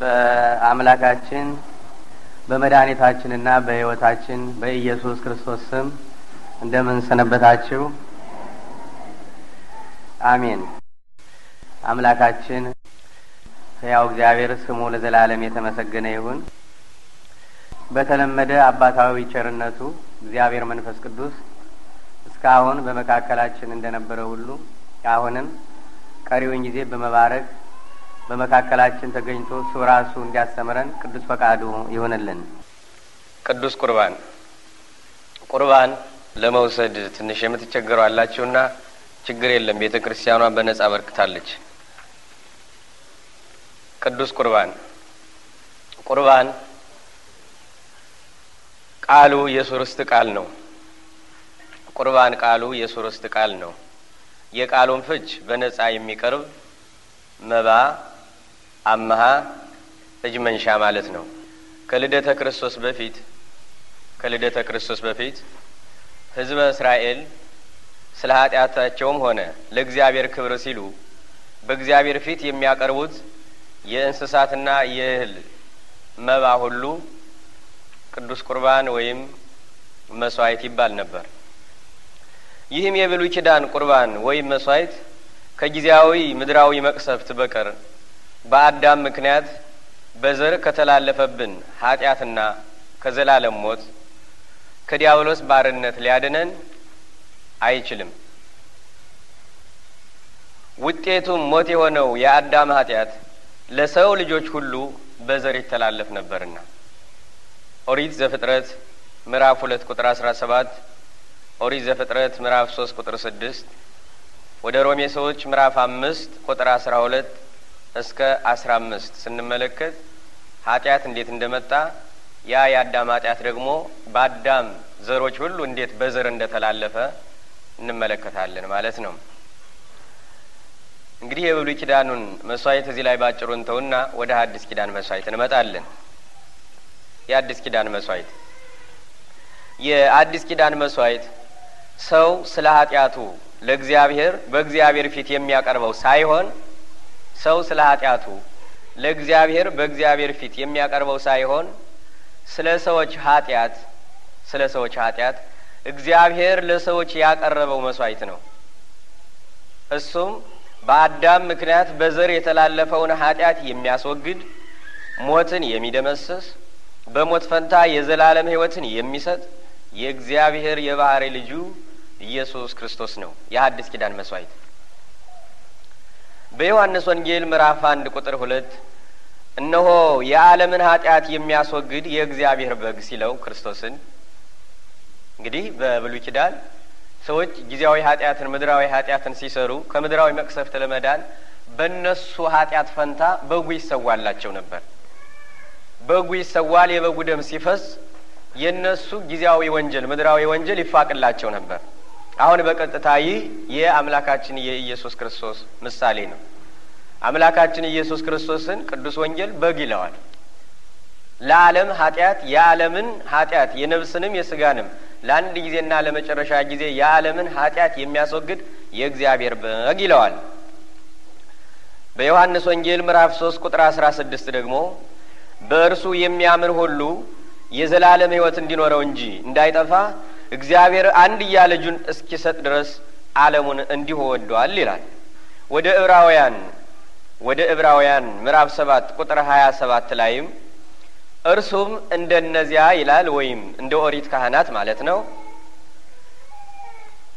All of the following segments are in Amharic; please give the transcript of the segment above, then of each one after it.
በአምላካችን በመድኃኒታችንና በሕይወታችን በኢየሱስ ክርስቶስ ስም እንደምን ሰነበታችሁ? አሜን። አምላካችን ሕያው እግዚአብሔር ስሙ ለዘላለም የተመሰገነ ይሁን። በተለመደ አባታዊ ቸርነቱ እግዚአብሔር መንፈስ ቅዱስ እስካሁን በመካከላችን እንደነበረ ሁሉ አሁንም ቀሪውን ጊዜ በመባረክ በመካከላችን ተገኝቶ እሱ ራሱ እንዲያስተምረን ቅዱስ ፈቃዱ ይሆንልን። ቅዱስ ቁርባን ቁርባን ለመውሰድ ትንሽ የምትቸገሩ አላችሁና ችግር የለም፣ ቤተ ክርስቲያኗ በነጻ በርክታለች። ቅዱስ ቁርባን ቁርባን ቃሉ የሱርስት ቃል ነው። ቁርባን ቃሉ የሱርስት ቃል ነው። የቃሉን ፍች በነጻ የሚቀርብ መባ አመሃ እጅ መንሻ ማለት ነው። ከልደተ ክርስቶስ በፊት ከልደተ ክርስቶስ በፊት ህዝበ እስራኤል ስለ ኃጢአታቸውም ሆነ ለእግዚአብሔር ክብር ሲሉ በእግዚአብሔር ፊት የሚያቀርቡት የእንስሳትና የእህል መባ ሁሉ ቅዱስ ቁርባን ወይም መስዋዕት ይባል ነበር። ይህም የብሉይ ኪዳን ቁርባን ወይም መስዋዕት ከጊዜያዊ ምድራዊ መቅሰፍት በቀር በአዳም ምክንያት በዘር ከተላለፈብን ኃጢአትና ከዘላለም ሞት ከዲያብሎስ ባርነት ሊያድነን አይችልም። ውጤቱም ሞት የሆነው የአዳም ኃጢአት ለሰው ልጆች ሁሉ በዘር ይተላለፍ ነበርና ኦሪት ዘፍጥረት ምዕራፍ ሁለት ቁጥር አስራ ሰባት ኦሪት ዘፍጥረት ምዕራፍ ሶስት ቁጥር ስድስት ወደ ሮሜ ሰዎች ምዕራፍ አምስት ቁጥር አስራ ሁለት እስከ አስራ አምስት ስንመለከት ኃጢአት እንዴት እንደመጣ ያ የአዳም ኃጢአት ደግሞ በአዳም ዘሮች ሁሉ እንዴት በዘር እንደተላለፈ እንመለከታለን ማለት ነው። እንግዲህ የብሉይ ኪዳኑን መስዋዕት እዚህ ላይ ባጭሩ እንተውና ወደ ሐዲስ ኪዳን መስዋዕት እንመጣለን። የአዲስ ኪዳን መስዋዕት የአዲስ ኪዳን መስዋዕት ሰው ስለ ኃጢአቱ ለእግዚአብሔር በእግዚአብሔር ፊት የሚያቀርበው ሳይሆን ሰው ስለ ኃጢአቱ ለእግዚአብሔር በእግዚአብሔር ፊት የሚያቀርበው ሳይሆን ስለ ሰዎች ኃጢአት ስለ ሰዎች ኃጢአት እግዚአብሔር ለሰዎች ያቀረበው መስዋዕት ነው። እሱም በአዳም ምክንያት በዘር የተላለፈውን ኃጢአት የሚያስወግድ ሞትን የሚደመስስ በሞት ፈንታ የዘላለም ሕይወትን የሚሰጥ የእግዚአብሔር የባህሪ ልጁ ኢየሱስ ክርስቶስ ነው የሐዲስ ኪዳን መስዋዕት። በዮሐንስ ወንጌል ምዕራፍ አንድ ቁጥር ሁለት እነሆ የዓለምን ኃጢአት የሚያስወግድ የእግዚአብሔር በግ ሲለው ክርስቶስን እንግዲህ በብሉይ ኪዳን ሰዎች ጊዜያዊ ኃጢአትን፣ ምድራዊ ኃጢአትን ሲሰሩ ከምድራዊ መቅሰፍት ለመዳን በእነሱ ኃጢአት ፈንታ በጉ ይሰዋላቸው ነበር። በጉ ይሰዋል፣ የበጉ ደም ሲፈስ የእነሱ ጊዜያዊ ወንጀል፣ ምድራዊ ወንጀል ይፋቅላቸው ነበር። አሁን በቀጥታ ይህ የአምላካችን የኢየሱስ ክርስቶስ ምሳሌ ነው። አምላካችን ኢየሱስ ክርስቶስን ቅዱስ ወንጌል በግ ይለዋል። ለዓለም ኃጢአት የዓለምን ኃጢአት የነብስንም የስጋንም ለአንድ ጊዜና ለመጨረሻ ጊዜ የዓለምን ኃጢአት የሚያስወግድ የእግዚአብሔር በግ ይለዋል። በዮሐንስ ወንጌል ምዕራፍ ሶስት ቁጥር አስራ ስድስት ደግሞ በእርሱ የሚያምን ሁሉ የዘላለም ሕይወት እንዲኖረው እንጂ እንዳይጠፋ እግዚአብሔር አንድያ ልጁን እስኪሰጥ ድረስ ዓለሙን እንዲሁ ወደዋል ይላል። ወደ ዕብራውያን ወደ ዕብራውያን ምዕራፍ ሰባት ቁጥር ሀያ ሰባት ላይም እርሱም እንደነዚያ ይላል ወይም እንደ ኦሪት ካህናት ማለት ነው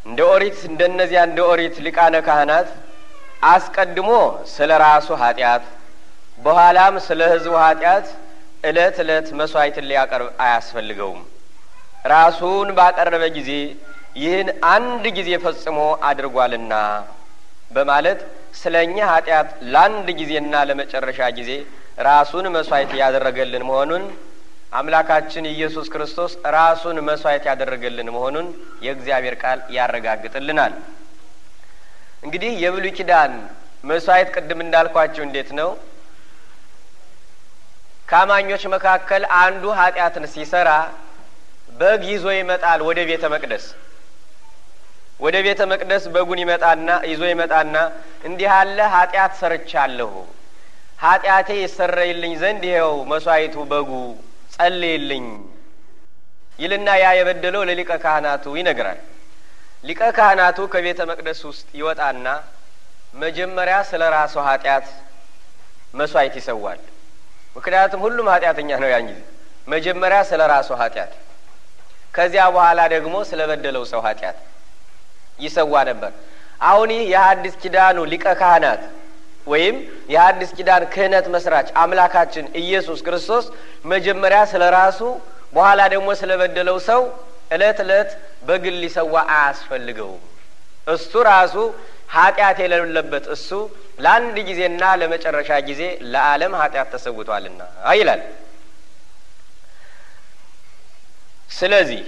እንደ ኦሪት እንደነዚያ እንደ ኦሪት ሊቃነ ካህናት አስቀድሞ ስለ ራሱ ኃጢአት በኋላም ስለ ሕዝቡ ኃጢአት እለት እለት መስዋዕትን ሊያቀርብ አያስፈልገውም። ራሱን ባቀረበ ጊዜ ይህን አንድ ጊዜ ፈጽሞ አድርጓልና በማለት ስለ እኛ ኃጢአት ለአንድ ጊዜና ለመጨረሻ ጊዜ ራሱን መስዋዕት ያደረገልን መሆኑን አምላካችን ኢየሱስ ክርስቶስ ራሱን መስዋዕት ያደረገልን መሆኑን የእግዚአብሔር ቃል ያረጋግጥልናል። እንግዲህ የብሉይ ኪዳን መስዋዕት ቅድም እንዳልኳቸው እንዴት ነው? ከአማኞች መካከል አንዱ ኃጢአትን ሲሰራ በግ ይዞ ይመጣል ወደ ቤተ መቅደስ ወደ ቤተ መቅደስ በጉን ይመጣና ይዞ ይመጣና እንዲህ አለ ኃጢአት ሰርቻለሁ፣ ኃጢአቴ ይሰረይልኝ ዘንድ ይኸው መስዋዕቱ በጉ ጸልይልኝ ይልና ያ የበደለው ለሊቀ ካህናቱ ይነግራል። ሊቀ ካህናቱ ከቤተ መቅደስ ውስጥ ይወጣና መጀመሪያ ስለ ራሱ ኃጢአት መስዋዕት ይሰዋል። ምክንያቱም ሁሉም ኃጢአተኛ ነው። ያን ጊዜ መጀመሪያ ስለ ራሱ ኃጢአት ከዚያ በኋላ ደግሞ ስለበደለው ሰው ኃጢአት ይሰዋ ነበር። አሁን ይህ የሐዲስ ኪዳኑ ሊቀ ካህናት ወይም የሐዲስ ኪዳን ክህነት መስራች አምላካችን ኢየሱስ ክርስቶስ መጀመሪያ ስለ ራሱ በኋላ ደግሞ ስለበደለው ሰው እለት እለት በግል ሊሰዋ አያስፈልገውም። እሱ ራሱ ኃጢአት የሌለበት እሱ ለአንድ ጊዜና ለመጨረሻ ጊዜ ለዓለም ኃጢአት ተሰውቷልና ይላል። ስለዚህ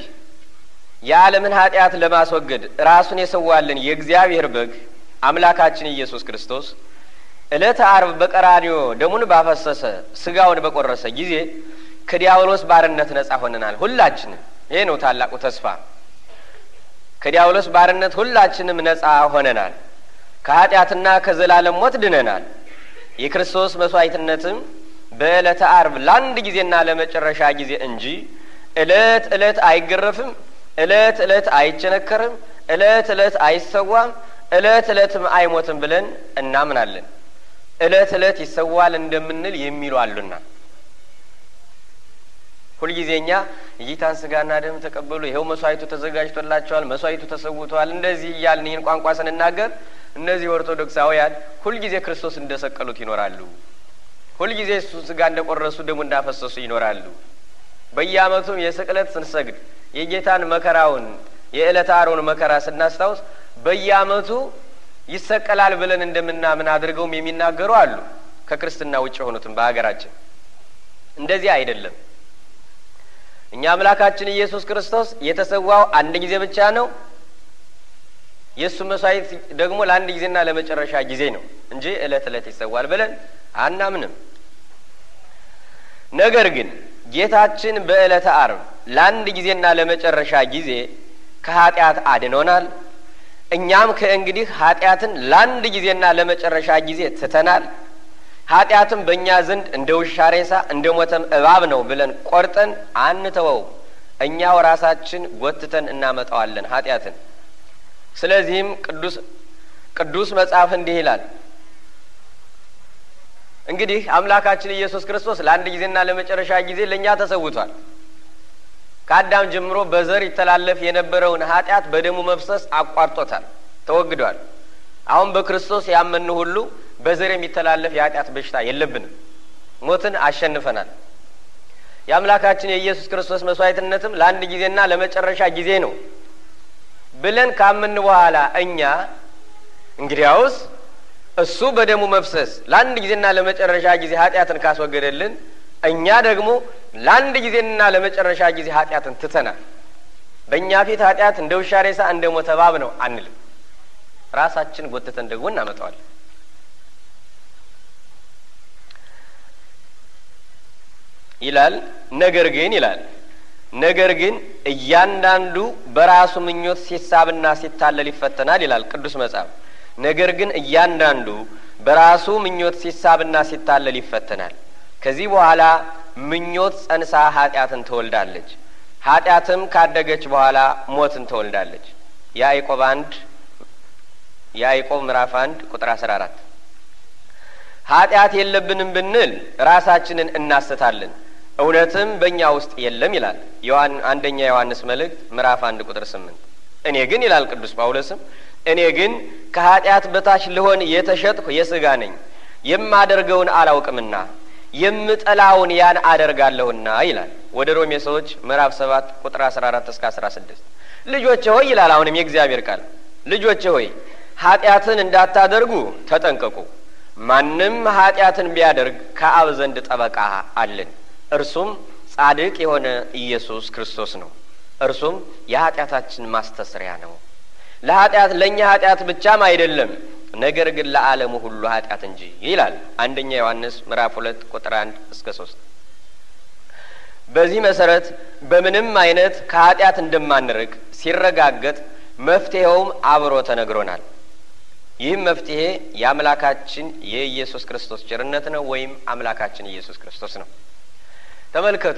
የዓለምን ኃጢአት ለማስወገድ ራሱን የሰዋልን የእግዚአብሔር በግ አምላካችን ኢየሱስ ክርስቶስ እለተ አርብ በቀራኒዮ ደሙን ባፈሰሰ ስጋውን በቆረሰ ጊዜ ከዲያብሎስ ባርነት ነጻ ሆነናል። ሁላችንም ይሄ ነው ታላቁ ተስፋ። ከዲያብሎስ ባርነት ሁላችንም ነጻ ሆነናል። ከኃጢአትና ከዘላለም ሞት ድነናል። የክርስቶስ መስዋዕትነትም በዕለተ አርብ ለአንድ ጊዜና ለመጨረሻ ጊዜ እንጂ እለት እለት አይገረፍም፣ እለት እለት አይቸነከርም፣ እለት እለት አይሰዋም፣ እለት እለትም አይሞትም ብለን እናምናለን። እለት እለት ይሰዋል እንደምንል የሚሉ አሉና ጊዜኛ የጌታን ስጋና ደም ተቀበሉ፣ ይኸው መስዋዕቱ ተዘጋጅቶላቸዋል፣ መስዋዕቱ ተሰውተዋል፣ እንደዚህ እያልን ይህን ቋንቋ ስንናገር እነዚህ ኦርቶዶክሳውያን ሁልጊዜ ክርስቶስ እንደሰቀሉት ይኖራሉ። ሁልጊዜ እሱ ስጋ እንደቆረሱ ደሙ እንዳፈሰሱ ይኖራሉ። በየአመቱም የስቅለት ስንሰግድ የጌታን መከራውን የዕለተ አሮን መከራ ስናስታውስ በየአመቱ ይሰቀላል ብለን እንደምናምን አድርገውም የሚናገሩ አሉ። ከክርስትና ውጭ የሆኑትም በሀገራችን እንደዚህ አይደለም። እኛ አምላካችን ኢየሱስ ክርስቶስ የተሰዋው አንድ ጊዜ ብቻ ነው። የእሱ መስዋዕት ደግሞ ለአንድ ጊዜና ለመጨረሻ ጊዜ ነው እንጂ ዕለት ዕለት ይሰዋል ብለን አናምንም። ነገር ግን ጌታችን በዕለተ አርብ ለአንድ ጊዜና ለመጨረሻ ጊዜ ከኃጢአት አድኖናል። እኛም ከእንግዲህ ኃጢአትን ለአንድ ጊዜና ለመጨረሻ ጊዜ ትተናል። ኃጢአትም በእኛ ዘንድ እንደ ውሻ ሬሳ እንደ ሞተም እባብ ነው ብለን ቆርጠን አንተወው። እኛው ራሳችን ጎትተን እናመጣዋለን ኃጢአትን። ስለዚህም ቅዱስ ቅዱስ መጽሐፍ እንዲህ ይላል እንግዲህ አምላካችን ኢየሱስ ክርስቶስ ለአንድ ጊዜና ለመጨረሻ ጊዜ ለእኛ ተሰውቷል። ከአዳም ጀምሮ በዘር ይተላለፍ የነበረውን ኃጢአት በደሙ መፍሰስ አቋርጦታል፣ ተወግዷል። አሁን በክርስቶስ ያመን ሁሉ በዘር የሚተላለፍ የኃጢአት በሽታ የለብንም። ሞትን አሸንፈናል። የአምላካችን የኢየሱስ ክርስቶስ መስዋዕትነትም ለአንድ ጊዜና ለመጨረሻ ጊዜ ነው ብለን ካመን በኋላ እኛ እንግዲያውስ እሱ በደሙ መፍሰስ ለአንድ ጊዜና ለመጨረሻ ጊዜ ኃጢአትን ካስወገደልን እኛ ደግሞ ለአንድ ጊዜና ለመጨረሻ ጊዜ ኃጢአትን ትተናል። በእኛ ፊት ኃጢአት እንደ ውሻ ሬሳ እንደ ሞተ እባብ ነው አንልም። ራሳችን ጎትተን ደግሞ እናመጣዋለን። ይላል ነገር ግን ይላል ነገር ግን እያንዳንዱ በራሱ ምኞት ሲሳብና ሲታለል ይፈተናል ይላል ቅዱስ መጽሐፍ። ነገር ግን እያንዳንዱ በራሱ ምኞት ሲሳብና ሲታለል ይፈተናል። ከዚህ በኋላ ምኞት ጸንሳ ኃጢአትን ትወልዳለች። ኃጢአትም ካደገች በኋላ ሞትን ትወልዳለች። ያዕቆብ አንድ ያዕቆብ ምዕራፍ አንድ ቁጥር አስራ አራት ኃጢአት የለብንም ብንል ራሳችንን እናስታለን፣ እውነትም በእኛ ውስጥ የለም ይላል አንደኛ ዮሐንስ መልእክት ምዕራፍ አንድ ቁጥር ስምንት እኔ ግን ይላል ቅዱስ ጳውሎስም እኔ ግን ከኃጢአት በታች ልሆን የተሸጥኩ የሥጋ ነኝ። የማደርገውን አላውቅምና የምጠላውን ያን አደርጋለሁና ይላል። ወደ ሮሜ ሰዎች ምዕራፍ ሰባት ቁጥር አስራ አራት እስከ አስራ ስድስት ልጆቼ ሆይ ይላል። አሁንም የእግዚአብሔር ቃል ልጆቼ ሆይ ኃጢአትን እንዳታደርጉ ተጠንቀቁ። ማንም ኃጢአትን ቢያደርግ ከአብ ዘንድ ጠበቃ አለን፣ እርሱም ጻድቅ የሆነ ኢየሱስ ክርስቶስ ነው። እርሱም የኃጢአታችን ማስተስሪያ ነው ለኃጢአት ለእኛ ኃጢአት ብቻም አይደለም ነገር ግን ለዓለሙ ሁሉ ኃጢአት እንጂ ይላል አንደኛ ዮሐንስ ምዕራፍ ሁለት ቁጥር አንድ እስከ ሶስት በዚህ መሰረት በምንም አይነት ከኃጢአት እንደማንርቅ ሲረጋገጥ መፍትሄውም አብሮ ተነግሮናል። ይህም መፍትሄ የአምላካችን የኢየሱስ ክርስቶስ ቸርነት ነው ወይም አምላካችን ኢየሱስ ክርስቶስ ነው። ተመልከቱ፣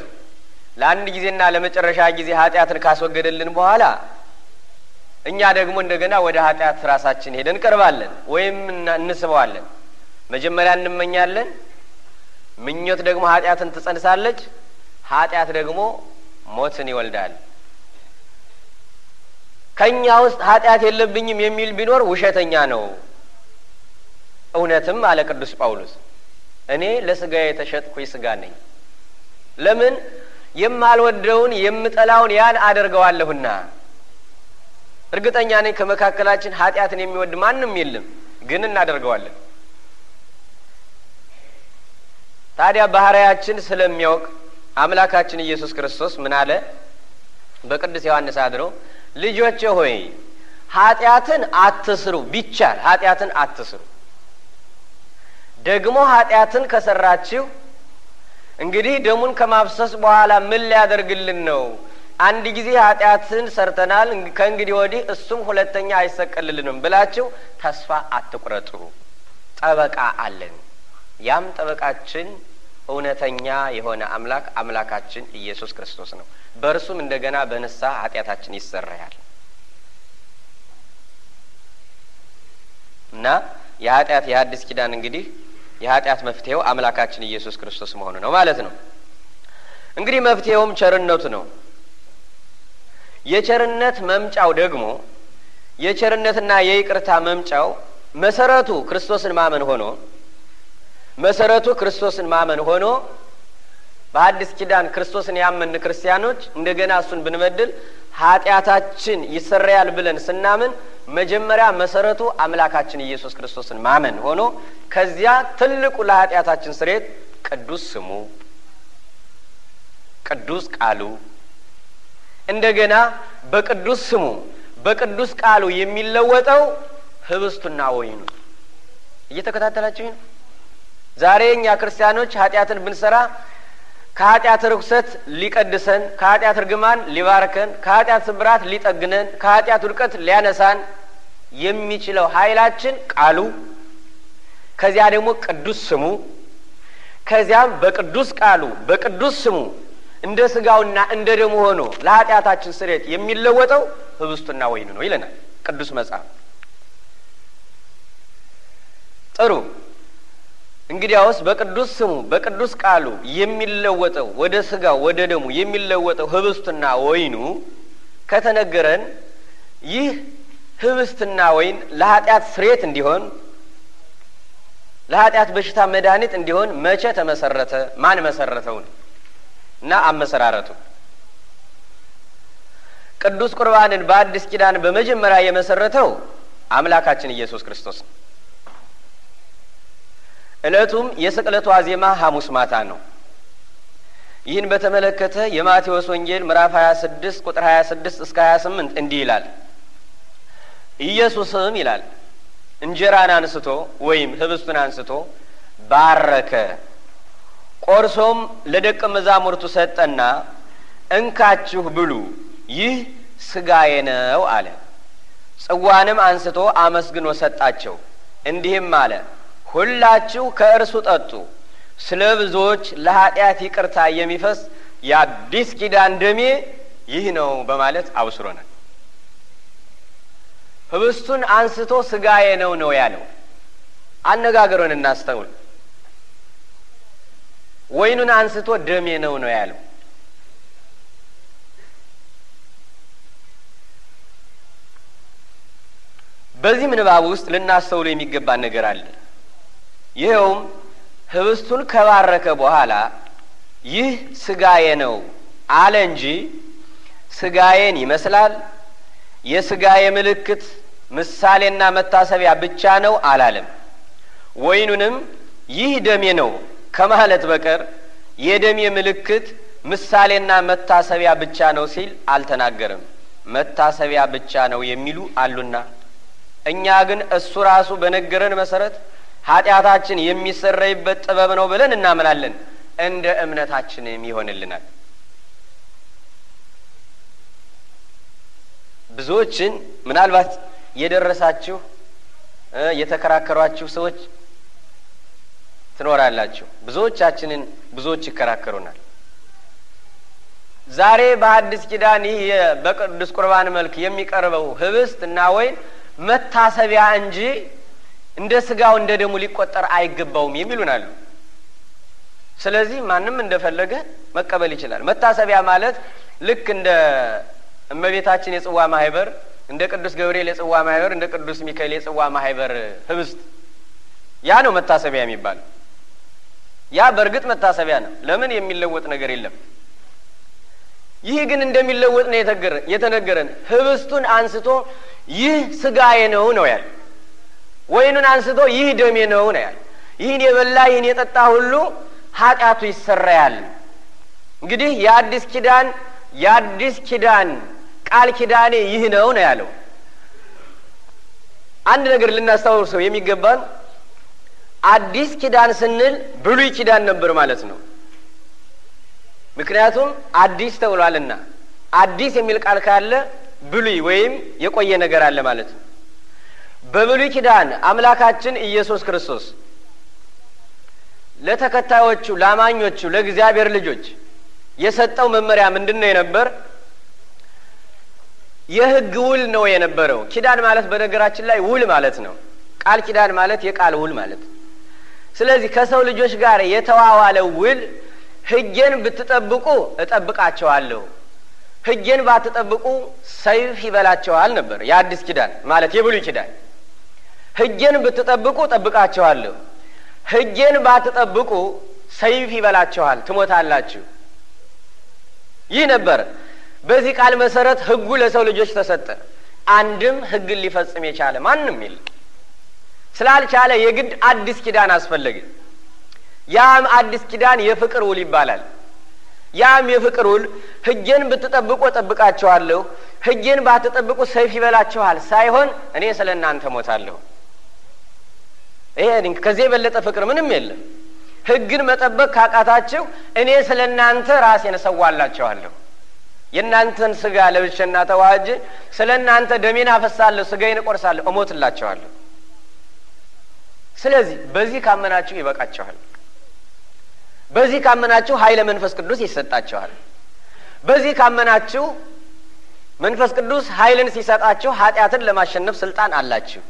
ለአንድ ጊዜና ለመጨረሻ ጊዜ ኃጢአትን ካስወገደልን በኋላ እኛ ደግሞ እንደገና ወደ ኃጢአት ራሳችን ሄደን እንቀርባለን ወይም እንስበዋለን። መጀመሪያ እንመኛለን። ምኞት ደግሞ ኃጢአትን ትጸንሳለች። ኃጢአት ደግሞ ሞትን ይወልዳል። ከእኛ ውስጥ ኃጢአት የለብኝም የሚል ቢኖር ውሸተኛ ነው። እውነትም አለ ቅዱስ ጳውሎስ፣ እኔ ለስጋ የተሸጥኩኝ ስጋ ነኝ። ለምን የማልወደውን የምጠላውን ያን አደርገዋለሁና እርግጠኛ ነኝ ከመካከላችን ኃጢአትን የሚወድ ማንም የለም፣ ግን እናደርገዋለን። ታዲያ ባህርያችን ስለሚያውቅ አምላካችን ኢየሱስ ክርስቶስ ምን አለ? በቅዱስ ዮሐንስ አድሮ ልጆቼ ሆይ ኃጢአትን አትስሩ፣ ቢቻል ኃጢአትን አትስሩ። ደግሞ ኃጢአትን ከሰራችሁ እንግዲህ ደሙን ከማፍሰስ በኋላ ምን ሊያደርግልን ነው? አንድ ጊዜ ኃጢአትን ሰርተናል፣ ከእንግዲህ ወዲህ እሱም ሁለተኛ አይሰቀልልንም ብላችሁ ተስፋ አትቁረጡ። ጠበቃ አለን። ያም ጠበቃችን እውነተኛ የሆነ አምላክ አምላካችን ኢየሱስ ክርስቶስ ነው። በእርሱም እንደገና በንስሐ ኃጢአታችን ይሰረያል እና የኃጢአት የአዲስ ኪዳን እንግዲህ የኃጢአት መፍትሄው አምላካችን ኢየሱስ ክርስቶስ መሆኑ ነው ማለት ነው። እንግዲህ መፍትሄውም ቸርነቱ ነው። የቸርነት መምጫው ደግሞ የቸርነትና የይቅርታ መምጫው መሰረቱ ክርስቶስን ማመን ሆኖ መሰረቱ ክርስቶስን ማመን ሆኖ በአዲስ ኪዳን ክርስቶስን ያመን ክርስቲያኖች እንደገና እሱን ብንበድል ኃጢአታችን ይሰረያል ብለን ስናምን መጀመሪያ መሰረቱ አምላካችን ኢየሱስ ክርስቶስን ማመን ሆኖ ከዚያ ትልቁ ለኃጢአታችን ስሬት ቅዱስ ስሙ ቅዱስ ቃሉ እንደገና በቅዱስ ስሙ በቅዱስ ቃሉ የሚለወጠው ህብስቱና ወይኑ። እየተከታተላችሁ ነው። ዛሬ እኛ ክርስቲያኖች ኃጢአትን ብንሰራ ከኃጢአት ርኩሰት ሊቀድሰን፣ ከኃጢአት እርግማን ሊባርከን፣ ከኃጢአት ስብራት ሊጠግነን፣ ከኃጢአት ውድቀት ሊያነሳን የሚችለው ኃይላችን ቃሉ፣ ከዚያ ደግሞ ቅዱስ ስሙ፣ ከዚያም በቅዱስ ቃሉ በቅዱስ ስሙ እንደ ስጋውና እንደ ደሙ ሆኖ ለኃጢአታችን ስሬት የሚለወጠው ህብስቱና ወይኑ ነው ይለናል ቅዱስ መጽሐፍ። ጥሩ እንግዲያውስ በቅዱስ ስሙ በቅዱስ ቃሉ የሚለወጠው ወደ ስጋው ወደ ደሙ የሚለወጠው ህብስትና ወይኑ ከተነገረን ይህ ህብስትና ወይን ለኃጢአት ስሬት እንዲሆን ለኃጢአት በሽታ መድኃኒት እንዲሆን መቼ ተመሰረተ? ማን መሰረተው ነው? እና አመሰራረቱ ቅዱስ ቁርባንን በአዲስ ኪዳን በመጀመሪያ የመሰረተው አምላካችን ኢየሱስ ክርስቶስ ነው። እለቱም የስቅለቱ ዜማ ሐሙስ ማታ ነው። ይህን በተመለከተ የማቴዎስ ወንጌል ምዕራፍ 26 ቁጥር 26 እስከ 28 እንዲህ ይላል። ኢየሱስም ይላል እንጀራን አንስቶ ወይም ህብስቱን አንስቶ ባረከ ቆርሶም ለደቀ መዛሙርቱ ሰጠና እንካችሁ ብሉ፣ ይህ ስጋዬ ነው አለ። ጽዋንም አንስቶ አመስግኖ ሰጣቸው፣ እንዲህም አለ፣ ሁላችሁ ከእርሱ ጠጡ። ስለ ብዙዎች ለኃጢአት ይቅርታ የሚፈስ የአዲስ ኪዳን ደሜ ይህ ነው በማለት አብስሮናል። ህብስቱን አንስቶ ስጋዬ ነው ነው ያለው። አነጋገሩን እናስተውል። ወይኑን አንስቶ ደሜ ነው ነው ያለው። በዚህ ምንባብ ውስጥ ልናስተውሎ የሚገባን ነገር አለ። ይኸውም ህብስቱን ከባረከ በኋላ ይህ ስጋዬ ነው አለ እንጂ ስጋዬን ይመስላል የስጋዬ ምልክት ምሳሌና መታሰቢያ ብቻ ነው አላለም። ወይኑንም ይህ ደሜ ነው ከማለት በቀር የደሜ ምልክት ምሳሌና መታሰቢያ ብቻ ነው ሲል አልተናገረም። መታሰቢያ ብቻ ነው የሚሉ አሉና እኛ ግን እሱ ራሱ በነገረን መሰረት ኃጢአታችን የሚሰረይበት ጥበብ ነው ብለን እናምናለን። እንደ እምነታችንም ይሆንልናል። ብዙዎችን ምናልባት የደረሳችሁ የተከራከሯችሁ ሰዎች ትኖራላችሁ። ብዙዎቻችንን ብዙዎች ይከራከሩናል። ዛሬ በአዲስ ኪዳን ይህ በቅዱስ ቁርባን መልክ የሚቀርበው ህብስት እና ወይን መታሰቢያ እንጂ እንደ ስጋው እንደ ደሙ ሊቆጠር አይገባውም የሚሉን አሉ። ስለዚህ ማንም እንደፈለገ መቀበል ይችላል። መታሰቢያ ማለት ልክ እንደ እመቤታችን የጽዋ ማህበር፣ እንደ ቅዱስ ገብርኤል የጽዋ ማህበር፣ እንደ ቅዱስ ሚካኤል የጽዋ ማህበር ህብስት ያ ነው መታሰቢያ የሚባለው። ያ በእርግጥ መታሰቢያ ነው። ለምን የሚለወጥ ነገር የለም። ይህ ግን እንደሚለወጥ ነው የተነገረን። ህብስቱን አንስቶ ይህ ስጋዬ ነው ነው ያለ። ወይኑን አንስቶ ይህ ደሜ ነው ነው ያለ። ይህን የበላ ይህን የጠጣ ሁሉ ኃጢአቱ ይሰራያል። እንግዲህ የአዲስ ኪዳን የአዲስ ኪዳን ቃል ኪዳኔ ይህ ነው ነው ያለው። አንድ ነገር ልናስታውሰው የሚገባን አዲስ ኪዳን ስንል ብሉይ ኪዳን ነበር ማለት ነው። ምክንያቱም አዲስ ተብሏልና አዲስ የሚል ቃል ካለ ብሉይ ወይም የቆየ ነገር አለ ማለት ነው። በብሉይ ኪዳን አምላካችን ኢየሱስ ክርስቶስ ለተከታዮቹ ለአማኞቹ ለእግዚአብሔር ልጆች የሰጠው መመሪያ ምንድን ነው የነበር? የህግ ውል ነው የነበረው። ኪዳን ማለት በነገራችን ላይ ውል ማለት ነው። ቃል ኪዳን ማለት የቃል ውል ማለት ነው። ስለዚህ ከሰው ልጆች ጋር የተዋዋለው ውል ህጌን ብትጠብቁ እጠብቃቸዋለሁ፣ ህጌን ባትጠብቁ ሰይፍ ይበላቸዋል ነበር የአዲስ ኪዳን ማለት የብሉይ ኪዳን። ህጌን ብትጠብቁ እጠብቃቸዋለሁ፣ ህጌን ባትጠብቁ ሰይፍ ይበላቸዋል፣ ትሞታላችሁ። ይህ ነበር። በዚህ ቃል መሰረት ህጉ ለሰው ልጆች ተሰጠ። አንድም ህግን ሊፈጽም የቻለ ማንም የለም። ስላልቻለ የግድ አዲስ ኪዳን አስፈለገ። ያም አዲስ ኪዳን የፍቅር ውል ይባላል። ያም የፍቅር ውል ሕጌን ብትጠብቁ እጠብቃችኋለሁ፣ ሕጌን ባትጠብቁ ሰይፍ ይበላችኋል ሳይሆን እኔ ስለ እናንተ ሞታለሁ። ይሄ ከዚህ የበለጠ ፍቅር ምንም የለም። ሕግን መጠበቅ ካቃታችሁ እኔ ስለ እናንተ ራሴን እሰዋላችኋለሁ። የእናንተን ስጋ ለብሼና ተዋጅ ስለ እናንተ ደሜን አፈሳለሁ፣ ስጋዬን እቆርሳለሁ፣ ስለዚህ በዚህ ካመናችሁ ይበቃችኋል። በዚህ ካመናችሁ ኃይለ መንፈስ ቅዱስ ይሰጣችኋል። በዚህ ካመናችሁ መንፈስ ቅዱስ ኃይልን ሲሰጣችሁ ኃጢአትን ለማሸነፍ ስልጣን አላችሁ።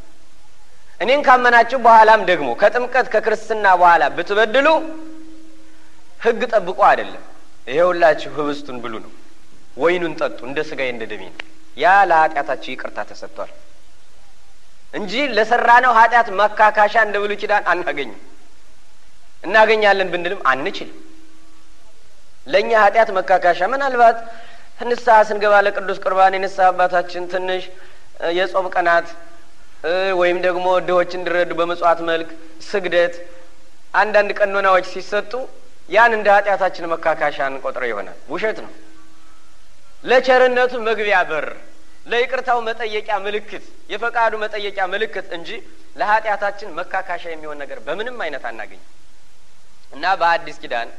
እኔን ካመናችሁ በኋላም ደግሞ ከጥምቀት ከክርስትና በኋላ ብትበድሉ ሕግ ጠብቆ አይደለም። ይሄውላችሁ ህብስቱን ብሉ ነው፣ ወይኑን ጠጡ፣ እንደ ስጋዬ እንደ ደሜ ነው። ያ ለኃጢአታችሁ ይቅርታ ተሰጥቷል። እንጂ ለሰራነው ኃጢአት መካካሻ እንደ ብሉይ ኪዳን አናገኝም። እናገኛለን ብንልም አንችልም። ለእኛ ኃጢአት መካካሻ ምናልባት ንስሐ ስንገባ ለቅዱስ ቁርባን የንስሐ አባታችን ትንሽ የጾም ቀናት ወይም ደግሞ ድሆች እንዲረዱ በመጽዋት መልክ ስግደት፣ አንዳንድ ቀኖናዎች ሲሰጡ ያን እንደ ኃጢአታችን መካካሻ እንቆጥረው ይሆናል። ውሸት ነው። ለቸርነቱ መግቢያ በር ለይቅርታው መጠየቂያ ምልክት የፈቃዱ መጠየቂያ ምልክት እንጂ ለኃጢአታችን መካካሻ የሚሆን ነገር በምንም አይነት አናገኝ እና በአዲስ ኪዳን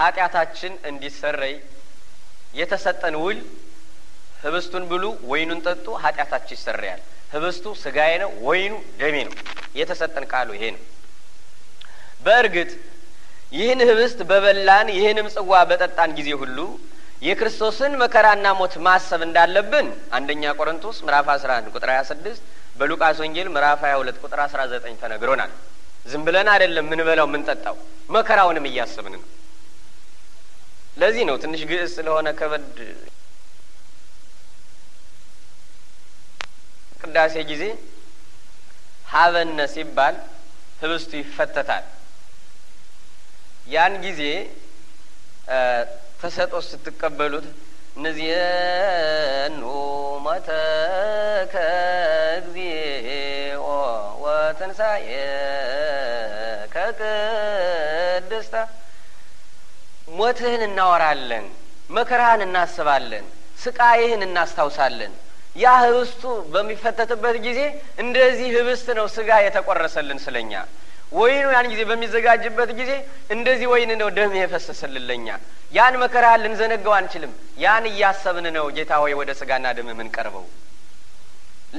ኃጢአታችን እንዲሰረይ የተሰጠን ውል ህብስቱን ብሉ፣ ወይኑን ጠጡ፣ ኃጢአታችሁ ይሰረያል። ህብስቱ ስጋዬ ነው፣ ወይኑ ደሜ ነው። የተሰጠን ቃሉ ይሄ ነው። በእርግጥ ይህን ህብስት በበላን ይህንም ጽዋ በጠጣን ጊዜ ሁሉ የክርስቶስን መከራና ሞት ማሰብ እንዳለብን አንደኛ ቆሮንቶስ ምዕራፍ 11 ቁጥር 26 በሉቃስ ወንጌል ምዕራፍ 22 ቁጥር 19 ተነግሮናል። ዝም ብለን አይደለም ምንበላው ምንጠጣው፣ መከራውንም እያሰብን ነው። ለዚህ ነው ትንሽ ግዕዝ ስለሆነ ከበድ ቅዳሴ ጊዜ ሀበነ ሲባል ህብስቱ ይፈተታል። ያን ጊዜ ተሰጦ ስትቀበሉት እነዚህኑ ሞተከ እግዚኦ ወትንሣኤከ ቅድስተ ሞትህን እናወራለን፣ መከራህን እናስባለን፣ ስቃይህን እናስታውሳለን። ያ ህብስቱ በሚፈተትበት ጊዜ እንደዚህ ህብስት ነው ስጋ የተቆረሰልን ስለኛ ወይኑ ያን ጊዜ በሚዘጋጅበት ጊዜ እንደዚህ ወይን ነው ደም የፈሰሰልለኛ ያን መከራ ልንዘነገው አንችልም። ያን እያሰብን ነው ጌታ ሆይ ወደ ስጋና ደም የምንቀርበው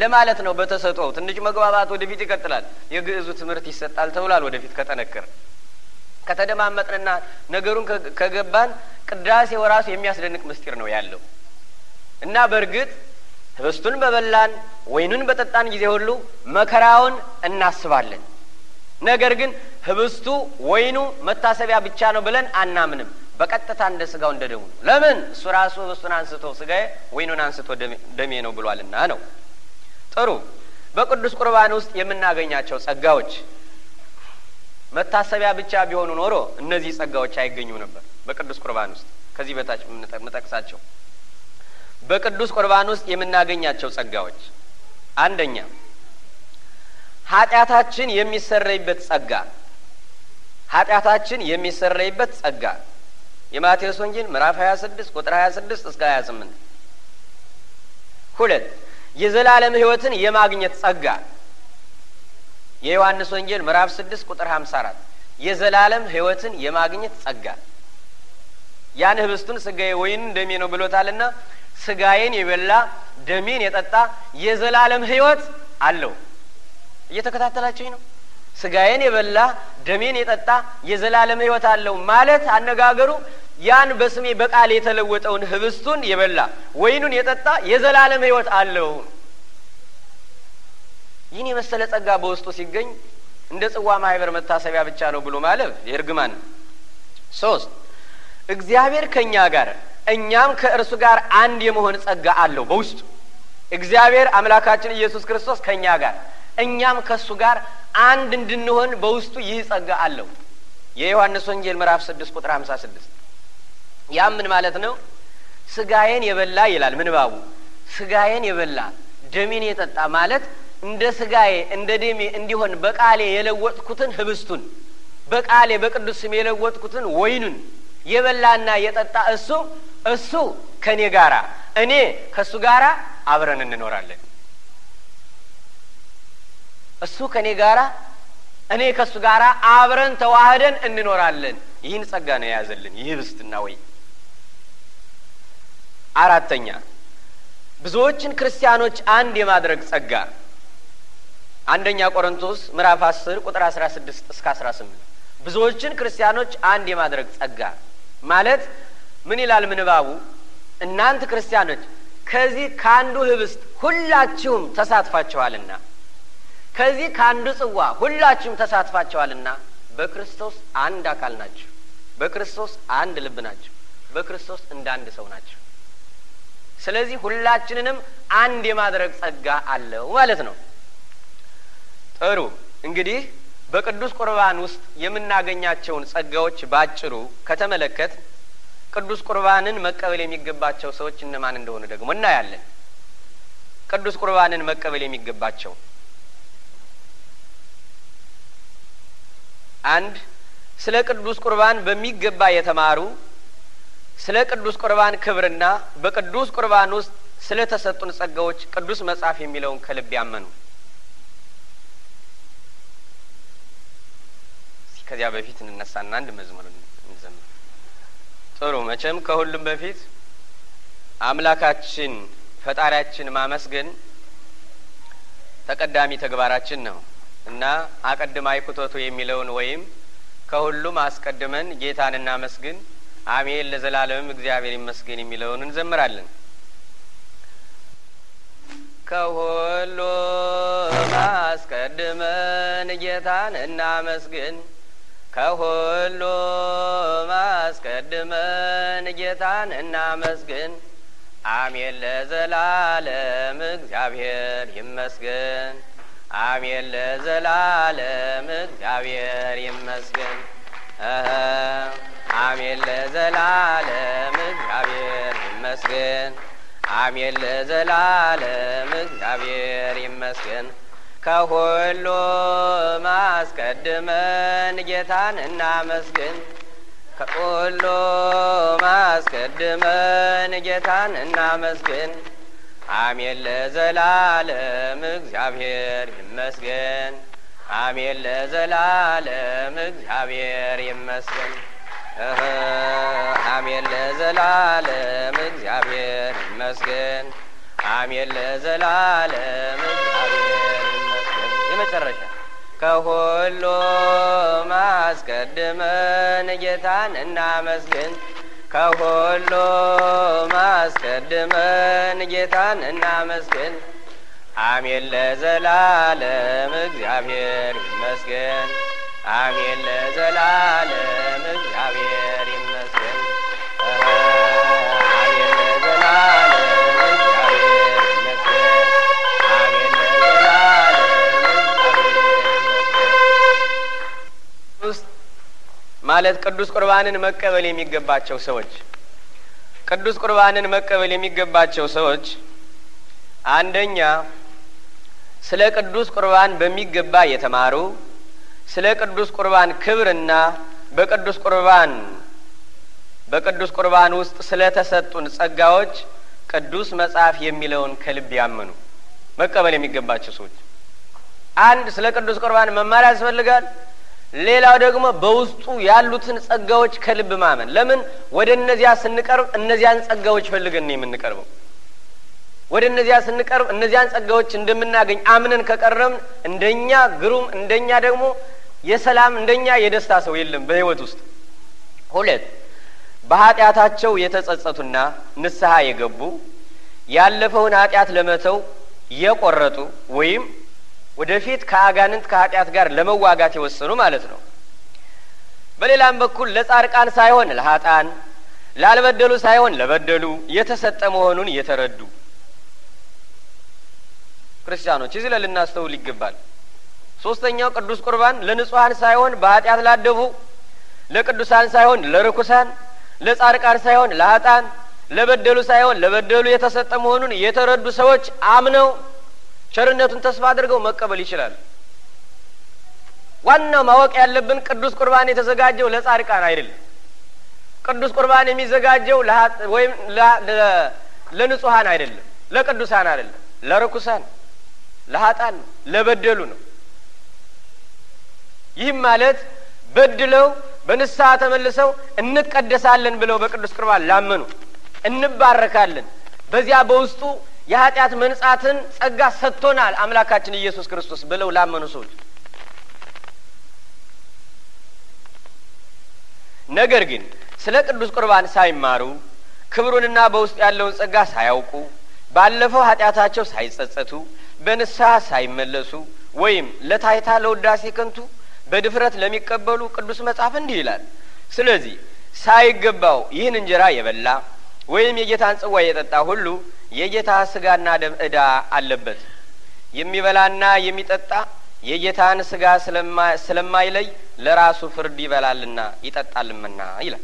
ለማለት ነው። በተሰጠው ትንሽ መግባባት ወደፊት ይቀጥላል። የግዕዙ ትምህርት ይሰጣል ተብሏል። ወደፊት ከጠነክር ከተደማመጥንና ነገሩን ከገባን ቅዳሴ ወራሱ የሚያስደንቅ ምስጢር ነው ያለው እና በእርግጥ ህብስቱን በበላን ወይኑን በጠጣን ጊዜ ሁሉ መከራውን እናስባለን። ነገር ግን ህብስቱ ወይኑ መታሰቢያ ብቻ ነው ብለን አናምንም። በቀጥታ እንደ ስጋው እንደ ደሙ ነው። ለምን እሱ ራሱ ህብስቱን አንስቶ ስጋዬ ወይኑን አንስቶ ደሜ ነው ብሏልና ነው። ጥሩ። በቅዱስ ቁርባን ውስጥ የምናገኛቸው ጸጋዎች መታሰቢያ ብቻ ቢሆኑ ኖሮ እነዚህ ጸጋዎች አይገኙ ነበር። በቅዱስ ቁርባን ውስጥ ከዚህ በታች የምጠቅሳቸው በቅዱስ ቁርባን ውስጥ የምናገኛቸው ጸጋዎች አንደኛ ኃጢአታችን የሚሰረይበት ጸጋ ኃጢአታችን የሚሰረይበት ጸጋ የማቴዎስ ወንጌል ምዕራፍ 26 ቁጥር 26 እስከ 28 ሁለት የዘላለም ህይወትን የማግኘት ጸጋ የዮሐንስ ወንጌል ምዕራፍ 6 ቁጥር 54 የዘላለም ህይወትን የማግኘት ጸጋ ያን ህብስቱን ስጋዬ ወይንም ደሜ ነው ብሎታልና ስጋዬን የበላ ደሜን የጠጣ የዘላለም ህይወት አለው። እየተከታተላችሁኝ ነው። ስጋዬን የበላ ደሜን የጠጣ የዘላለም ህይወት አለው ማለት አነጋገሩ ያን በስሜ በቃል የተለወጠውን ህብስቱን የበላ ወይኑን የጠጣ የዘላለም ህይወት አለው። ይህን የመሰለ ጸጋ በውስጡ ሲገኝ እንደ ጽዋ ማህበር መታሰቢያ ብቻ ነው ብሎ ማለፍ የእርግማን ሶስት እግዚአብሔር ከእኛ ጋር እኛም ከእርሱ ጋር አንድ የመሆን ጸጋ አለው በውስጡ እግዚአብሔር አምላካችን ኢየሱስ ክርስቶስ ከእኛ ጋር እኛም ከእሱ ጋር አንድ እንድንሆን በውስጡ ይህ ጸጋ አለው። የዮሐንስ ወንጌል ምዕራፍ ስድስት ቁጥር ሀምሳ ስድስት ያም ምን ማለት ነው? ስጋዬን የበላ ይላል ምንባቡ፣ ስጋዬን የበላ ደሜን የጠጣ ማለት እንደ ስጋዬ እንደ ደሜ እንዲሆን በቃሌ የለወጥኩትን ህብስቱን በቃሌ በቅዱስ ስም የለወጥኩትን ወይኑን የበላና የጠጣ እሱ እሱ ከእኔ ጋራ እኔ ከእሱ ጋራ አብረን እንኖራለን። እሱ ከእኔ ጋራ እኔ ከእሱ ጋር አብረን ተዋህደን እንኖራለን። ይህን ጸጋ ነው የያዘልን ይህ ብስትና ወይ አራተኛ ብዙዎችን ክርስቲያኖች አንድ የማድረግ ጸጋ አንደኛ ቆሮንቶስ ምዕራፍ አስር ቁጥር አስራ ስድስት እስከ አስራ ስምንት ብዙዎችን ክርስቲያኖች አንድ የማድረግ ጸጋ ማለት ምን ይላል ምንባቡ? እናንተ ክርስቲያኖች ከዚህ ከአንዱ ህብስት ሁላችሁም ተሳትፋችኋልና ከዚህ ከአንዱ ጽዋ ሁላችሁም ተሳትፋቸዋልና በክርስቶስ አንድ አካል ናችሁ፣ በክርስቶስ አንድ ልብ ናችሁ፣ በክርስቶስ እንደ አንድ ሰው ናችሁ። ስለዚህ ሁላችንንም አንድ የማድረግ ጸጋ አለው ማለት ነው። ጥሩ እንግዲህ በቅዱስ ቁርባን ውስጥ የምናገኛቸውን ጸጋዎች ባጭሩ ከተመለከት ቅዱስ ቁርባንን መቀበል የሚገባቸው ሰዎች እነማን እንደሆኑ ደግሞ እናያለን። ቅዱስ ቁርባንን መቀበል የሚገባቸው አንድ ስለ ቅዱስ ቁርባን በሚገባ የተማሩ ስለ ቅዱስ ቁርባን ክብርና በቅዱስ ቁርባን ውስጥ ስለ ተሰጡን ጸጋዎች ቅዱስ መጽሐፍ የሚለውን ከልብ ያመኑ። ከዚያ በፊት እንነሳና አንድ መዝሙር እንዘምር። ጥሩ። መቼም ከሁሉም በፊት አምላካችን ፈጣሪያችን ማመስገን ተቀዳሚ ተግባራችን ነው። እና አቀድማ ይኩተቱ የሚለውን ወይም ከሁሉም አስቀድመን ጌታን እናመስግን አሜን ለዘላለምም እግዚአብሔር ይመስገን የሚለውን እንዘምራለን። ከሁሉም አስቀድመን ጌታን እናመስግን፣ ከሁሉም አስቀድመን ጌታን እናመስግን፣ አሜን ለዘላለም እግዚአብሔር ይመስገን። አሜን ለዘላለም እግዚአብሔር ይመስገን። አሜን ለዘላለም እግዚአብሔር ይመስገን። አሜን ለዘላለም እግዚአብሔር ይመስገን። ከሁሉ ማስቀድመን ጌታን እናመስግን። ከሁሉ ማስቀድመን ጌታን እናመስግን። አሜን ለዘላለም እግዚአብሔር ይመስገን። አሜን ለዘላለም እግዚአብሔር ይመስገን። አሜን ለዘላለም እግዚአብሔር ይመስገን። አሜን ለዘላለም እግዚአብሔር ይመስገን። የመጨረሻ ከሁሉም አስቀድመን ጌታን እናመስግን። ከሁሉ ማስቀድመን ጌታን እናመስግን። አሜን ለዘላለም እግዚአብሔር ይመስገን። አሜን ለዘላለም እግዚአብሔር ይመስገን። አሜን ለዘላለም ማለት ቅዱስ ቁርባንን መቀበል የሚገባቸው ሰዎች ቅዱስ ቁርባንን መቀበል የሚገባቸው ሰዎች አንደኛ ስለ ቅዱስ ቁርባን በሚገባ የተማሩ ስለ ቅዱስ ቁርባን ክብርና በቅዱስ ቁርባን በቅዱስ ቁርባን ውስጥ ስለተሰጡን ጸጋዎች ቅዱስ መጽሐፍ የሚለውን ከልብ ያመኑ መቀበል የሚገባቸው ሰዎች። አንድ ስለ ቅዱስ ቁርባን መማር ያስፈልጋል። ሌላው ደግሞ በውስጡ ያሉትን ጸጋዎች ከልብ ማመን። ለምን ወደ እነዚያ ስንቀርብ እነዚያን ጸጋዎች ፈልገን ነው የምንቀርበው። ወደ እነዚያ ስንቀርብ እነዚያን ጸጋዎች እንደምናገኝ አምነን ከቀረብን እንደኛ ግሩም እንደኛ ደግሞ የሰላም እንደኛ የደስታ ሰው የለም በህይወት ውስጥ። ሁለት በኃጢአታቸው የተጸጸቱና ንስሐ የገቡ ያለፈውን ኃጢአት ለመተው የቆረጡ ወይም ወደፊት ከአጋንንት ከኃጢአት ጋር ለመዋጋት የወሰኑ ማለት ነው። በሌላም በኩል ለጻድቃን ሳይሆን ለሀጣን፣ ላልበደሉ ሳይሆን ለበደሉ የተሰጠ መሆኑን የተረዱ ክርስቲያኖች እዚህ ላይ ልናስተውል ይገባል። ሶስተኛው ቅዱስ ቁርባን ለንጹሐን ሳይሆን በኃጢአት ላደፉ፣ ለቅዱሳን ሳይሆን ለርኩሳን፣ ለጻድቃን ሳይሆን ለሀጣን፣ ለበደሉ ሳይሆን ለበደሉ የተሰጠ መሆኑን የተረዱ ሰዎች አምነው ቸርነቱን ተስፋ አድርገው መቀበል ይችላል። ዋናው ማወቅ ያለብን ቅዱስ ቁርባን የተዘጋጀው ለጻድቃን አይደለም። ቅዱስ ቁርባን የሚዘጋጀው ወይም ለንጹሀን አይደለም፣ ለቅዱሳን አይደለም፣ ለርኩሳን፣ ለሀጣን፣ ለበደሉ ነው። ይህም ማለት በድለው በንስሐ ተመልሰው እንቀደሳለን ብለው በቅዱስ ቁርባን ላመኑ እንባረካለን። በዚያ በውስጡ የኃጢአት መንጻትን ጸጋ ሰጥቶናል አምላካችን ኢየሱስ ክርስቶስ ብለው ላመኑ ሰዎች ነገር ግን ስለ ቅዱስ ቁርባን ሳይማሩ ክብሩንና በውስጡ ያለውን ጸጋ ሳያውቁ ባለፈው ኃጢአታቸው ሳይጸጸቱ በንስሐ ሳይመለሱ ወይም ለታይታ ለውዳሴ ከንቱ በድፍረት ለሚቀበሉ ቅዱስ መጽሐፍ እንዲህ ይላል። ስለዚህ ሳይገባው ይህን እንጀራ የበላ ወይም የጌታን ጽዋ የጠጣ ሁሉ የጌታ ስጋና ደም እዳ አለበት። የሚበላና የሚጠጣ የጌታን ስጋ ስለማይለይ ለራሱ ፍርድ ይበላልና ይጠጣልምና ይላል።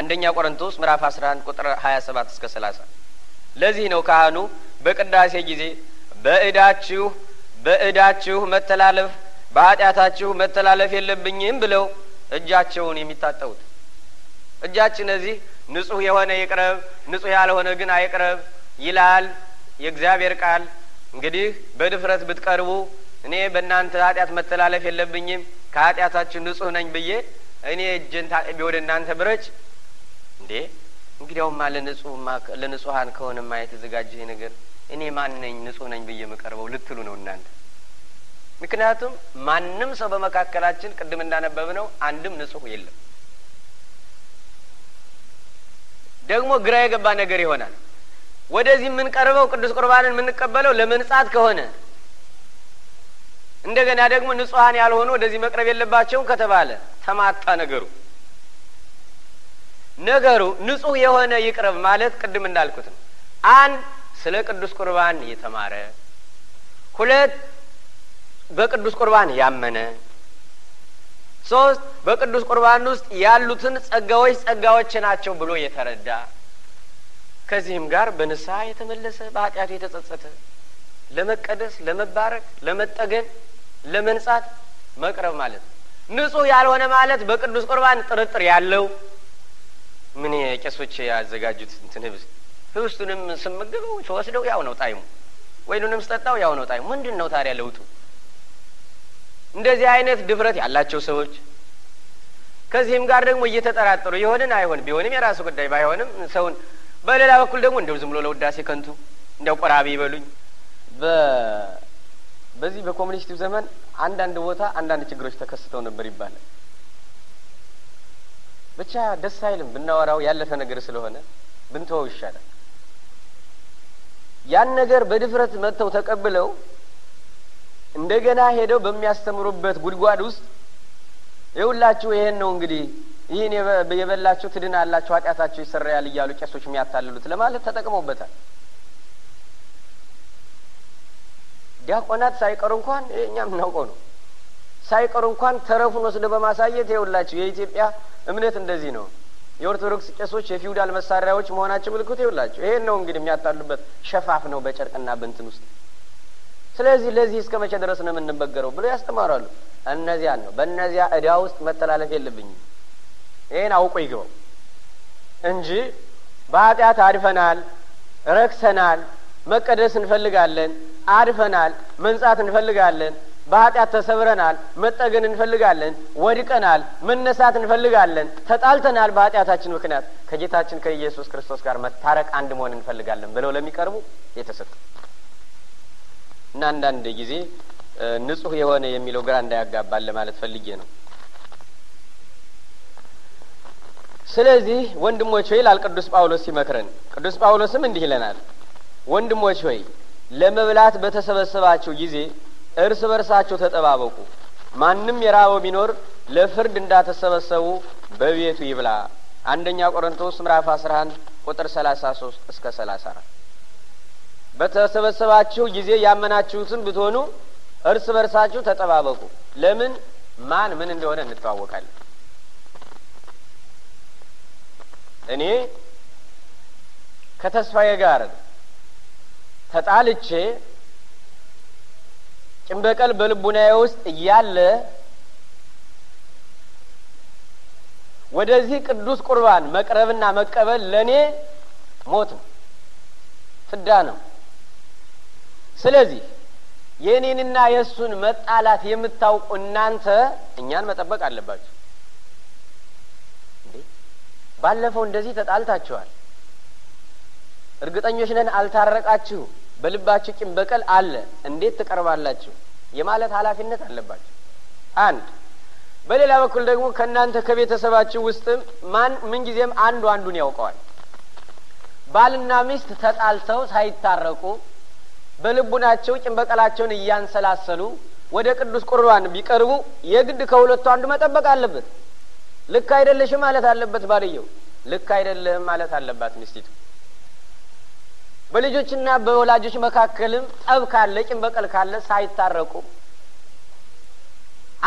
አንደኛ ቆሮንቶስ ምዕራፍ 11 ቁጥር 27 እስከ 30። ለዚህ ነው ካህኑ በቅዳሴ ጊዜ በእዳችሁ በእዳችሁ መተላለፍ በኃጢአታችሁ መተላለፍ የለብኝም ብለው እጃቸውን የሚታጠቡት እጃችን እዚህ ንጹህ የሆነ ይቅረብ፣ ንጹህ ያልሆነ ግን አይቅረብ ይላል የእግዚአብሔር ቃል። እንግዲህ በድፍረት ብትቀርቡ እኔ በእናንተ ኃጢአት መተላለፍ የለብኝም ከኃጢአታችሁ ንጹህ ነኝ ብዬ እኔ እጄን ታጥቤ ወደ እናንተ ብረጭ እንዴ እንግዲያውማ ለንጹሀን ከሆነማ የተዘጋጀ ነገር እኔ ማን ነኝ ንጹህ ነኝ ብዬ የምቀርበው ልትሉ ነው እናንተ። ምክንያቱም ማንም ሰው በመካከላችን ቅድም እንዳነበብ ነው አንድም ንጹህ የለም። ደግሞ ግራ የገባ ነገር ይሆናል። ወደዚህ የምንቀርበው ቅዱስ ቁርባንን የምንቀበለው ለመንጻት ከሆነ እንደገና ደግሞ ንጹሐን ያልሆኑ ወደዚህ መቅረብ የለባቸውም ከተባለ ተማጣ ነገሩ። ነገሩ ንጹህ የሆነ ይቅረብ ማለት ቅድም እንዳልኩት ነው። አንድ ስለ ቅዱስ ቁርባን የተማረ፣ ሁለት በቅዱስ ቁርባን ያመነ ሶስት በቅዱስ ቁርባን ውስጥ ያሉትን ጸጋዎች ጸጋዎች ናቸው ብሎ የተረዳ ከዚህም ጋር በንስሐ የተመለሰ በኃጢአቱ የተጸጸተ ለመቀደስ፣ ለመባረክ፣ ለመጠገን፣ ለመንጻት መቅረብ ማለት ነው። ንጹህ ያልሆነ ማለት በቅዱስ ቁርባን ጥርጥር ያለው ምን ቄሶች ያዘጋጁት እንትን ህብስ ህብስቱንም ስመገበው ስወስደው ያው ነው ጣይሙ፣ ወይኑንም ስጠጣው ያው ነው ጣይሙ። ምንድን ነው ታዲያ ለውጡ? እንደዚህ አይነት ድፍረት ያላቸው ሰዎች ከዚህም ጋር ደግሞ እየተጠራጠሩ የሆንን አይሆን ቢሆንም የራሱ ጉዳይ ባይሆንም ሰውን በሌላ በኩል ደግሞ እንደው ዝም ብሎ ለውዳሴ ከንቱ እንደው ቆራቢ ይበሉኝ። በዚህ በኮሚኒስቲው ዘመን አንዳንድ ቦታ አንዳንድ ችግሮች ተከስተው ነበር ይባላል። ብቻ ደስ አይልም ብናወራው ያለፈ ነገር ስለሆነ ብንተወው ይሻላል። ያን ነገር በድፍረት መጥተው ተቀብለው እንደገና ሄደው በሚያስተምሩበት ጉድጓድ ውስጥ የሁላችሁ ይሄን ነው እንግዲህ ይህን የበላችሁ ትድናላችሁ፣ ኃጢአታችሁ ይሰራያል እያሉ ቄሶች የሚያታልሉት ለማለት ተጠቅመውበታል። ዲያቆናት ሳይቀሩ እንኳን እኛ ምናውቀው ነው ሳይቀሩ እንኳን ተረፉን ወስደ በማሳየት ይኸውላችሁ የኢትዮጵያ እምነት እንደዚህ ነው፣ የኦርቶዶክስ ቄሶች የፊውዳል መሳሪያዎች መሆናቸው ምልክት ይኸውላችሁ ይሄን ነው እንግዲህ የሚያታሉበት ሸፋፍ ነው በጨርቅና በእንትን ውስጥ ስለዚህ ለዚህ እስከ መቼ ድረስ ነው የምንበገረው ብሎ ያስተማራሉ። እነዚያ ነው በእነዚያ እዳ ውስጥ መተላለፍ የለብኝም። ይህን አውቆ ይግባው እንጂ በኃጢአት አድፈናል፣ ረክሰናል፣ መቀደስ እንፈልጋለን፣ አድፈናል፣ መንጻት እንፈልጋለን፣ በኃጢአት ተሰብረናል፣ መጠገን እንፈልጋለን፣ ወድቀናል፣ መነሳት እንፈልጋለን፣ ተጣልተናል። በኃጢአታችን ምክንያት ከጌታችን ከኢየሱስ ክርስቶስ ጋር መታረቅ አንድ መሆን እንፈልጋለን ብለው ለሚቀርቡ የተሰጠ እና አንዳንድ ጊዜ ንጹህ የሆነ የሚለው ግራ እንዳያጋባል ለማለት ፈልጌ ነው። ስለዚህ ወንድሞች ሆይ ይላል ቅዱስ ጳውሎስ ሲመክረን፣ ቅዱስ ጳውሎስም እንዲህ ይለናል፣ ወንድሞች ሆይ ለመብላት በተሰበሰባችሁ ጊዜ እርስ በርሳችሁ ተጠባበቁ፣ ማንም የራበው ቢኖር ለፍርድ እንዳተሰበሰቡ በቤቱ ይብላ። አንደኛ ቆሮንቶስ ምዕራፍ 11 ቁጥር 33 እስከ 34 በተሰበሰባችሁ ጊዜ ያመናችሁትን ብትሆኑ እርስ በርሳችሁ ተጠባበቁ። ለምን ማን ምን እንደሆነ እንተዋወቃለን። እኔ ከተስፋዬ ጋር ተጣልቼ ጭንበቀል በቀል በልቡናዬ ውስጥ እያለ ወደዚህ ቅዱስ ቁርባን መቅረብና መቀበል ለእኔ ሞት ነው፣ ፍዳ ነው። ስለዚህ የእኔንና የእሱን መጣላት የምታውቁ እናንተ እኛን መጠበቅ አለባችሁ። እንዴ ባለፈው እንደዚህ ተጣልታችኋል። እርግጠኞች ነን አልታረቃችሁ፣ በልባችሁ ቂም በቀል አለ። እንዴት ትቀርባላችሁ የማለት ኃላፊነት አለባችሁ። አንድ በሌላ በኩል ደግሞ ከእናንተ ከቤተሰባችሁ ውስጥም ማን ምንጊዜም አንዱ አንዱን ያውቀዋል። ባልና ሚስት ተጣልተው ሳይታረቁ በልቡናቸው ቂም በቀላቸውን እያንሰላሰሉ ወደ ቅዱስ ቁርባን ቢቀርቡ የግድ ከሁለቱ አንዱ መጠበቅ አለበት። ልክ አይደለሽ ማለት አለበት ባልየው፣ ልክ አይደለህም ማለት አለባት ሚስቲቱ። በልጆችና በወላጆች መካከልም ጠብ ካለ ቂም በቀል ካለ ሳይታረቁ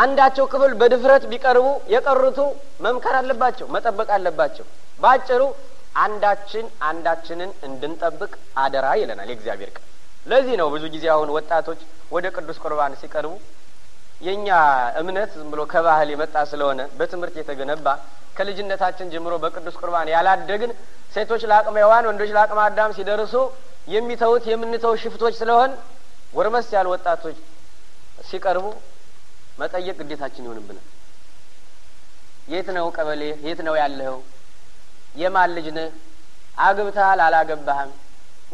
አንዳቸው ክፍል በድፍረት ቢቀርቡ የቀሩቱ መምከር አለባቸው፣ መጠበቅ አለባቸው። በአጭሩ አንዳችን አንዳችንን እንድንጠብቅ አደራ ይለናል የእግዚአብሔር ቃል። ለዚህ ነው ብዙ ጊዜ አሁን ወጣቶች ወደ ቅዱስ ቁርባን ሲቀርቡ የእኛ እምነት ዝም ብሎ ከባህል የመጣ ስለሆነ በትምህርት የተገነባ ከልጅነታችን ጀምሮ በቅዱስ ቁርባን ያላደግን ሴቶች ለአቅመ ሔዋን ወንዶች ለአቅመ አዳም ሲደርሱ የሚተውት የምንተው ሽፍቶች ስለሆን ጎርመስ ያሉ ወጣቶች ሲቀርቡ መጠየቅ ግዴታችን ይሆንብናል። የት ነው ቀበሌ? የት ነው ያለኸው? የማን ልጅ ነህ? አግብተሃል አላገባህም?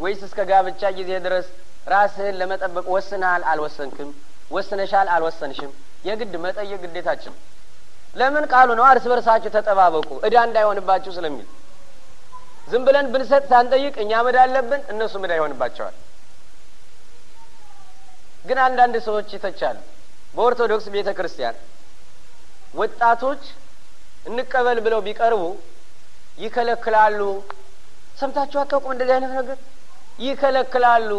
ወይስ እስከ ጋብቻ ጊዜ ድረስ ራስህን ለመጠበቅ ወስነሃል አልወሰንክም፣ ወስነሻል አልወሰንሽም። የግድ መጠየቅ ግዴታችን ለምን ቃሉ ነው። እርስ በርሳችሁ ተጠባበቁ እዳ እንዳይሆንባችሁ ስለሚል ዝም ብለን ብንሰጥ ሳንጠይቅ እኛ መዳ አለብን፣ እነሱም እዳ ይሆንባቸዋል። ግን አንዳንድ ሰዎች ይተቻሉ። በኦርቶዶክስ ቤተ ክርስቲያን ወጣቶች እንቀበል ብለው ቢቀርቡ ይከለክላሉ። ሰምታችሁ አታውቁም? እንደዚህ አይነት ነገር ይከለክላሉ።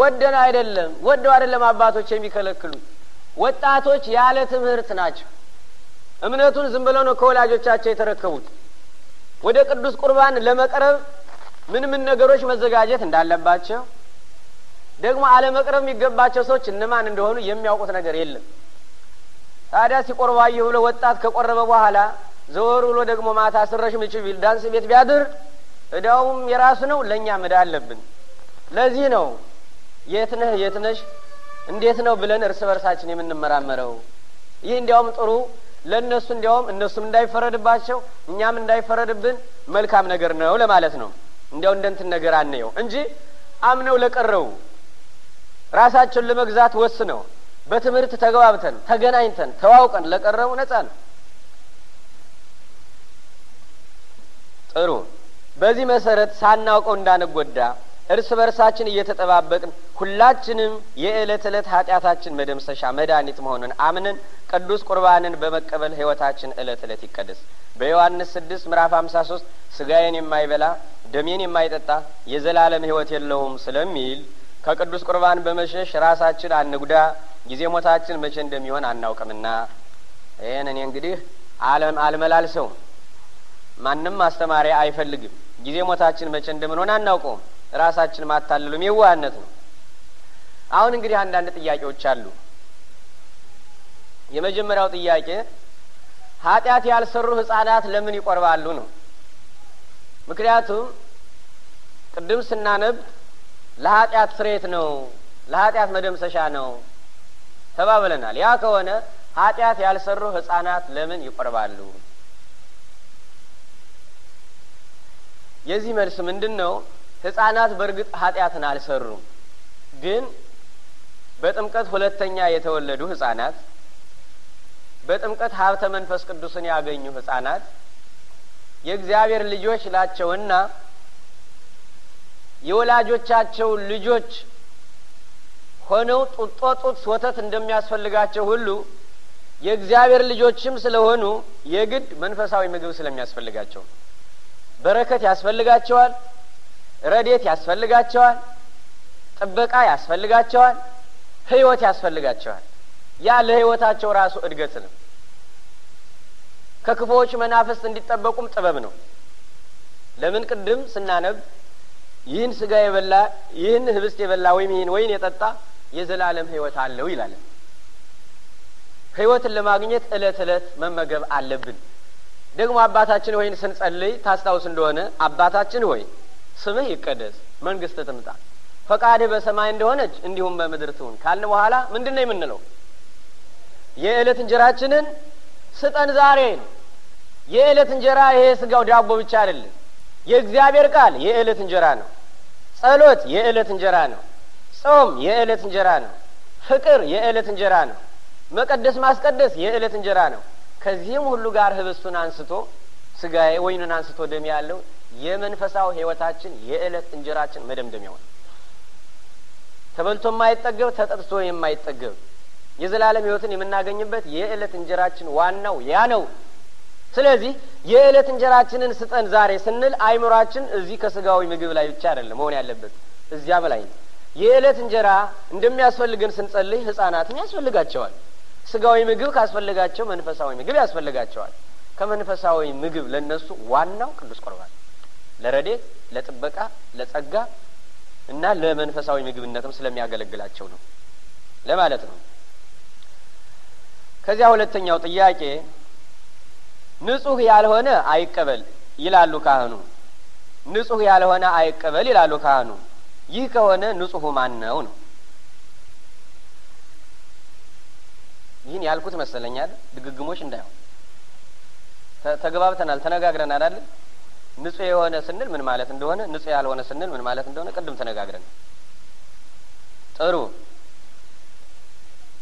ወደን አይደለም ወደው አይደለም አባቶች የሚከለክሉ ወጣቶች ያለ ትምህርት ናቸው። እምነቱን ዝም ብለው ነው ከወላጆቻቸው የተረከቡት። ወደ ቅዱስ ቁርባን ለመቅረብ ምን ምን ነገሮች መዘጋጀት እንዳለባቸው ደግሞ አለመቅረብ የሚገባቸው ሰዎች እነማን እንደሆኑ የሚያውቁት ነገር የለም። ታዲያ ሲቆርባየ ብሎ ወጣት ከቆረበ በኋላ ዘወር ብሎ ደግሞ ማታ ስረሽ ምች ቢል ዳንስ ቤት ቢያድር እዳውም የራሱ ነው፣ ለእኛ ምዳ አለብን። ለዚህ ነው የት ነህ የት ነሽ እንዴት ነው ብለን እርስ በርሳችን የምንመራመረው። ይህ እንዲያውም ጥሩ ለእነሱ እንዲያውም እነሱም እንዳይፈረድባቸው እኛም እንዳይፈረድብን መልካም ነገር ነው ለማለት ነው። እንዲያው እንደንትን ነገር አንየው እንጂ አምነው ለቀረው ራሳቸውን ለመግዛት ወስነው በትምህርት ተግባብተን ተገናኝተን ተዋውቀን ለቀረቡ ነጻ ነው። ጥሩ። በዚህ መሰረት ሳናውቀው እንዳንጎዳ እርስ በርሳችን እየተጠባበቅን ሁላችንም የዕለት ዕለት ኃጢአታችን መደምሰሻ መድኃኒት መሆኑን አምነን ቅዱስ ቁርባንን በመቀበል ህይወታችን ዕለት ዕለት ይቀደስ። በዮሐንስ ስድስት ምዕራፍ ሀምሳ ሶስት ስጋዬን የማይበላ ደሜን የማይጠጣ የዘላለም ህይወት የለውም ስለሚል ከቅዱስ ቁርባን በመሸሽ ራሳችን አንጉዳ፣ ጊዜ ሞታችን መቼ እንደሚሆን አናውቅምና። ይህን እኔ እንግዲህ አልመላልሰውም። ማንም አስተማሪ አይፈልግም። ጊዜ ሞታችን መቼ እንደምንሆን አናውቀውም። ራሳችን ማታለሉም የዋህነት ነው። አሁን እንግዲህ አንዳንድ ጥያቄዎች አሉ። የመጀመሪያው ጥያቄ ኃጢአት ያልሰሩ ህጻናት ለምን ይቆርባሉ ነው። ምክንያቱም ቅድም ስናነብ ለኃጢአት ስሬት ነው፣ ለኃጢአት መደምሰሻ ነው ተባብለናል። ያ ከሆነ ኃጢአት ያልሰሩ ህጻናት ለምን ይቆርባሉ? የዚህ መልስ ምንድን ነው? ህጻናት በእርግጥ ኃጢአትን አልሰሩም። ግን በጥምቀት ሁለተኛ የተወለዱ ህጻናት፣ በጥምቀት ሀብተ መንፈስ ቅዱስን ያገኙ ህጻናት የእግዚአብሔር ልጆች ላቸውና የወላጆቻቸው ልጆች ሆነው ጡጦ ጡት ወተት እንደሚያስፈልጋቸው ሁሉ የእግዚአብሔር ልጆችም ስለሆኑ የግድ መንፈሳዊ ምግብ ስለሚያስፈልጋቸው በረከት ያስፈልጋቸዋል። ረዴት ያስፈልጋቸዋል፣ ጥበቃ ያስፈልጋቸዋል፣ ህይወት ያስፈልጋቸዋል። ያ ለህይወታቸው ራሱ እድገት ነው። ከክፉዎች መናፍስት እንዲጠበቁም ጥበብ ነው። ለምን ቅድም ስናነብ ይህን ስጋ የበላ ይህን ህብስት የበላ ወይም ይህን ወይን የጠጣ የዘላለም ህይወት አለው ይላል። ህይወትን ለማግኘት እለት እለት መመገብ አለብን። ደግሞ አባታችን ሆይን ስንጸልይ ታስታውስ እንደሆነ አባታችን ሆይ ስምህ ይቀደስ፣ መንግስት ትምጣ፣ ፈቃድህ በሰማይ እንደሆነች እንዲሁም በምድር ትሁን ካልን በኋላ ምንድን ነው የምንለው? የዕለት እንጀራችንን ስጠን ዛሬ ነው። የዕለት እንጀራ ይሄ ስጋው ዳቦ ብቻ አይደለም። የእግዚአብሔር ቃል የዕለት እንጀራ ነው። ጸሎት የዕለት እንጀራ ነው። ጾም የዕለት እንጀራ ነው። ፍቅር የዕለት እንጀራ ነው። መቀደስ ማስቀደስ የዕለት እንጀራ ነው። ከዚህም ሁሉ ጋር ህብስቱን አንስቶ ስጋዬ ወይኑን አንስቶ ደም ያለው የመንፈሳዊ ህይወታችን የእለት እንጀራችን መደምደሚያው ነው። ተበልቶ የማይጠገብ ተጠጥቶ የማይጠገብ የዘላለም ህይወትን የምናገኝበት የእለት እንጀራችን ዋናው ያ ነው። ስለዚህ የእለት እንጀራችንን ስጠን ዛሬ ስንል አይምሯችን እዚህ ከስጋዊ ምግብ ላይ ብቻ አይደለም መሆን ያለበት እዚያ በላይ ነው። እንጀራ እንደሚያስፈልገን ስንጸልይ ህጻናትን ያስፈልጋቸዋል። ስጋዊ ምግብ ካስፈልጋቸው መንፈሳዊ ምግብ ያስፈልጋቸዋል። ከመንፈሳዊ ምግብ ለነሱ ዋናው ቅዱስ ቁርባን ለረዴት፣ ለጥበቃ፣ ለጸጋ እና ለመንፈሳዊ ምግብነትም ስለሚያገለግላቸው ነው ለማለት ነው። ከዚያ ሁለተኛው ጥያቄ ንጹህ ያልሆነ አይቀበል ይላሉ ካህኑ። ንጹህ ያልሆነ አይቀበል ይላሉ ካህኑ። ይህ ከሆነ ንጹሁ ማን ነው ነው? ይህን ያልኩት መሰለኛል። ድግግሞች እንዳይሆን ተግባብተናል፣ ተነጋግረናል አይደል? ንጹህ የሆነ ስንል ምን ማለት እንደሆነ፣ ንጹህ ያልሆነ ስንል ምን ማለት እንደሆነ ቅድም ተነጋግረን። ጥሩ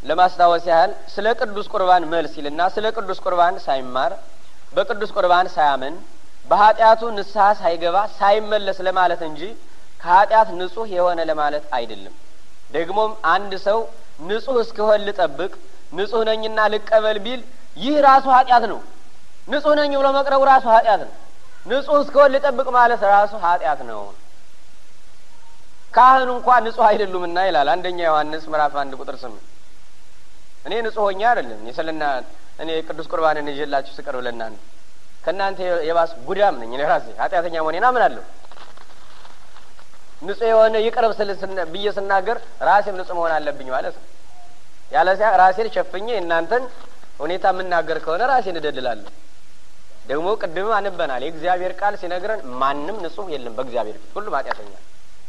ለማስታወስ ያህል ስለ ቅዱስ ቁርባን መልስ ይልና ስለ ቅዱስ ቁርባን ሳይማር በቅዱስ ቁርባን ሳያምን በኃጢአቱ ንስሐ ሳይገባ ሳይመለስ ለማለት እንጂ ከኃጢአት ንጹህ የሆነ ለማለት አይደለም። ደግሞም አንድ ሰው ንጹህ እስክሆን ልጠብቅ፣ ንጹህ ነኝና ልቀበል ቢል ይህ ራሱ ኃጢአት ነው። ንጹህ ነኝ ብሎ መቅረቡ ራሱ ኃጢአት ነው። ንጹህ እስከሆን ልጠብቅ ማለት ራሱ ኃጢአት ነው። ካህኑ እንኳ ንጹህ አይደሉምና ይላል አንደኛ ዮሐንስ ምዕራፍ አንድ ቁጥር ስምንት እኔ ንጹህ ሆኛ አይደለም የስልና እኔ ቅዱስ ቁርባንን ይዤላችሁ ስቀርብ ለእናንተ ከእናንተ የባስ ጉዳም ነኝ እኔ ራሴ ኃጢአተኛ መሆኔን አምናለሁ። ንጹህ የሆነ ይቅርብ ስል ብዬ ስናገር ራሴም ንጹህ መሆን አለብኝ ማለት ነው። ያለ ራሴን ሸፍኜ እናንተን ሁኔታ የምናገር ከሆነ ራሴን እደልላለሁ። ደግሞ ቅድምም አንበናል። የእግዚአብሔር ቃል ሲነግረን ማንም ንጹህ የለም በእግዚአብሔር ፊት ሁሉም ኃጢአተኛ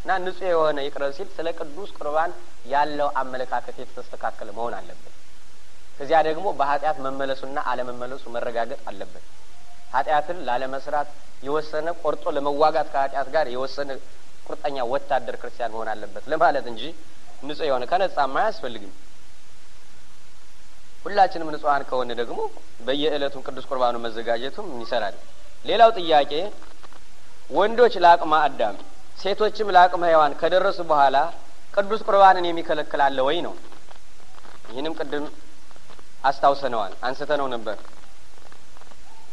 እና ንጹህ የሆነ ይቅረብ ሲል ስለ ቅዱስ ቁርባን ያለው አመለካከት የተስተካከለ መሆን አለበት። ከዚያ ደግሞ በኃጢአት መመለሱና አለመመለሱ መረጋገጥ አለበት። ኃጢአትን ላለመስራት የወሰነ ቆርጦ ለመዋጋት ከኃጢአት ጋር የወሰነ ቁርጠኛ ወታደር ክርስቲያን መሆን አለበት ለማለት እንጂ ንጹህ የሆነ ከነጻማ አያስፈልግም። ሁላችንም ንጹሀን ከሆነ ደግሞ በየእለቱም ቅዱስ ቁርባኑ መዘጋጀቱም ይሰራል። ሌላው ጥያቄ ወንዶች ለአቅመ አዳም ሴቶችም ለአቅመ ሔዋን ከደረሱ በኋላ ቅዱስ ቁርባንን የሚከለክላለ ወይ ነው። ይህንም ቅድም አስታውሰነዋል፣ አንስተ ነው ነበር።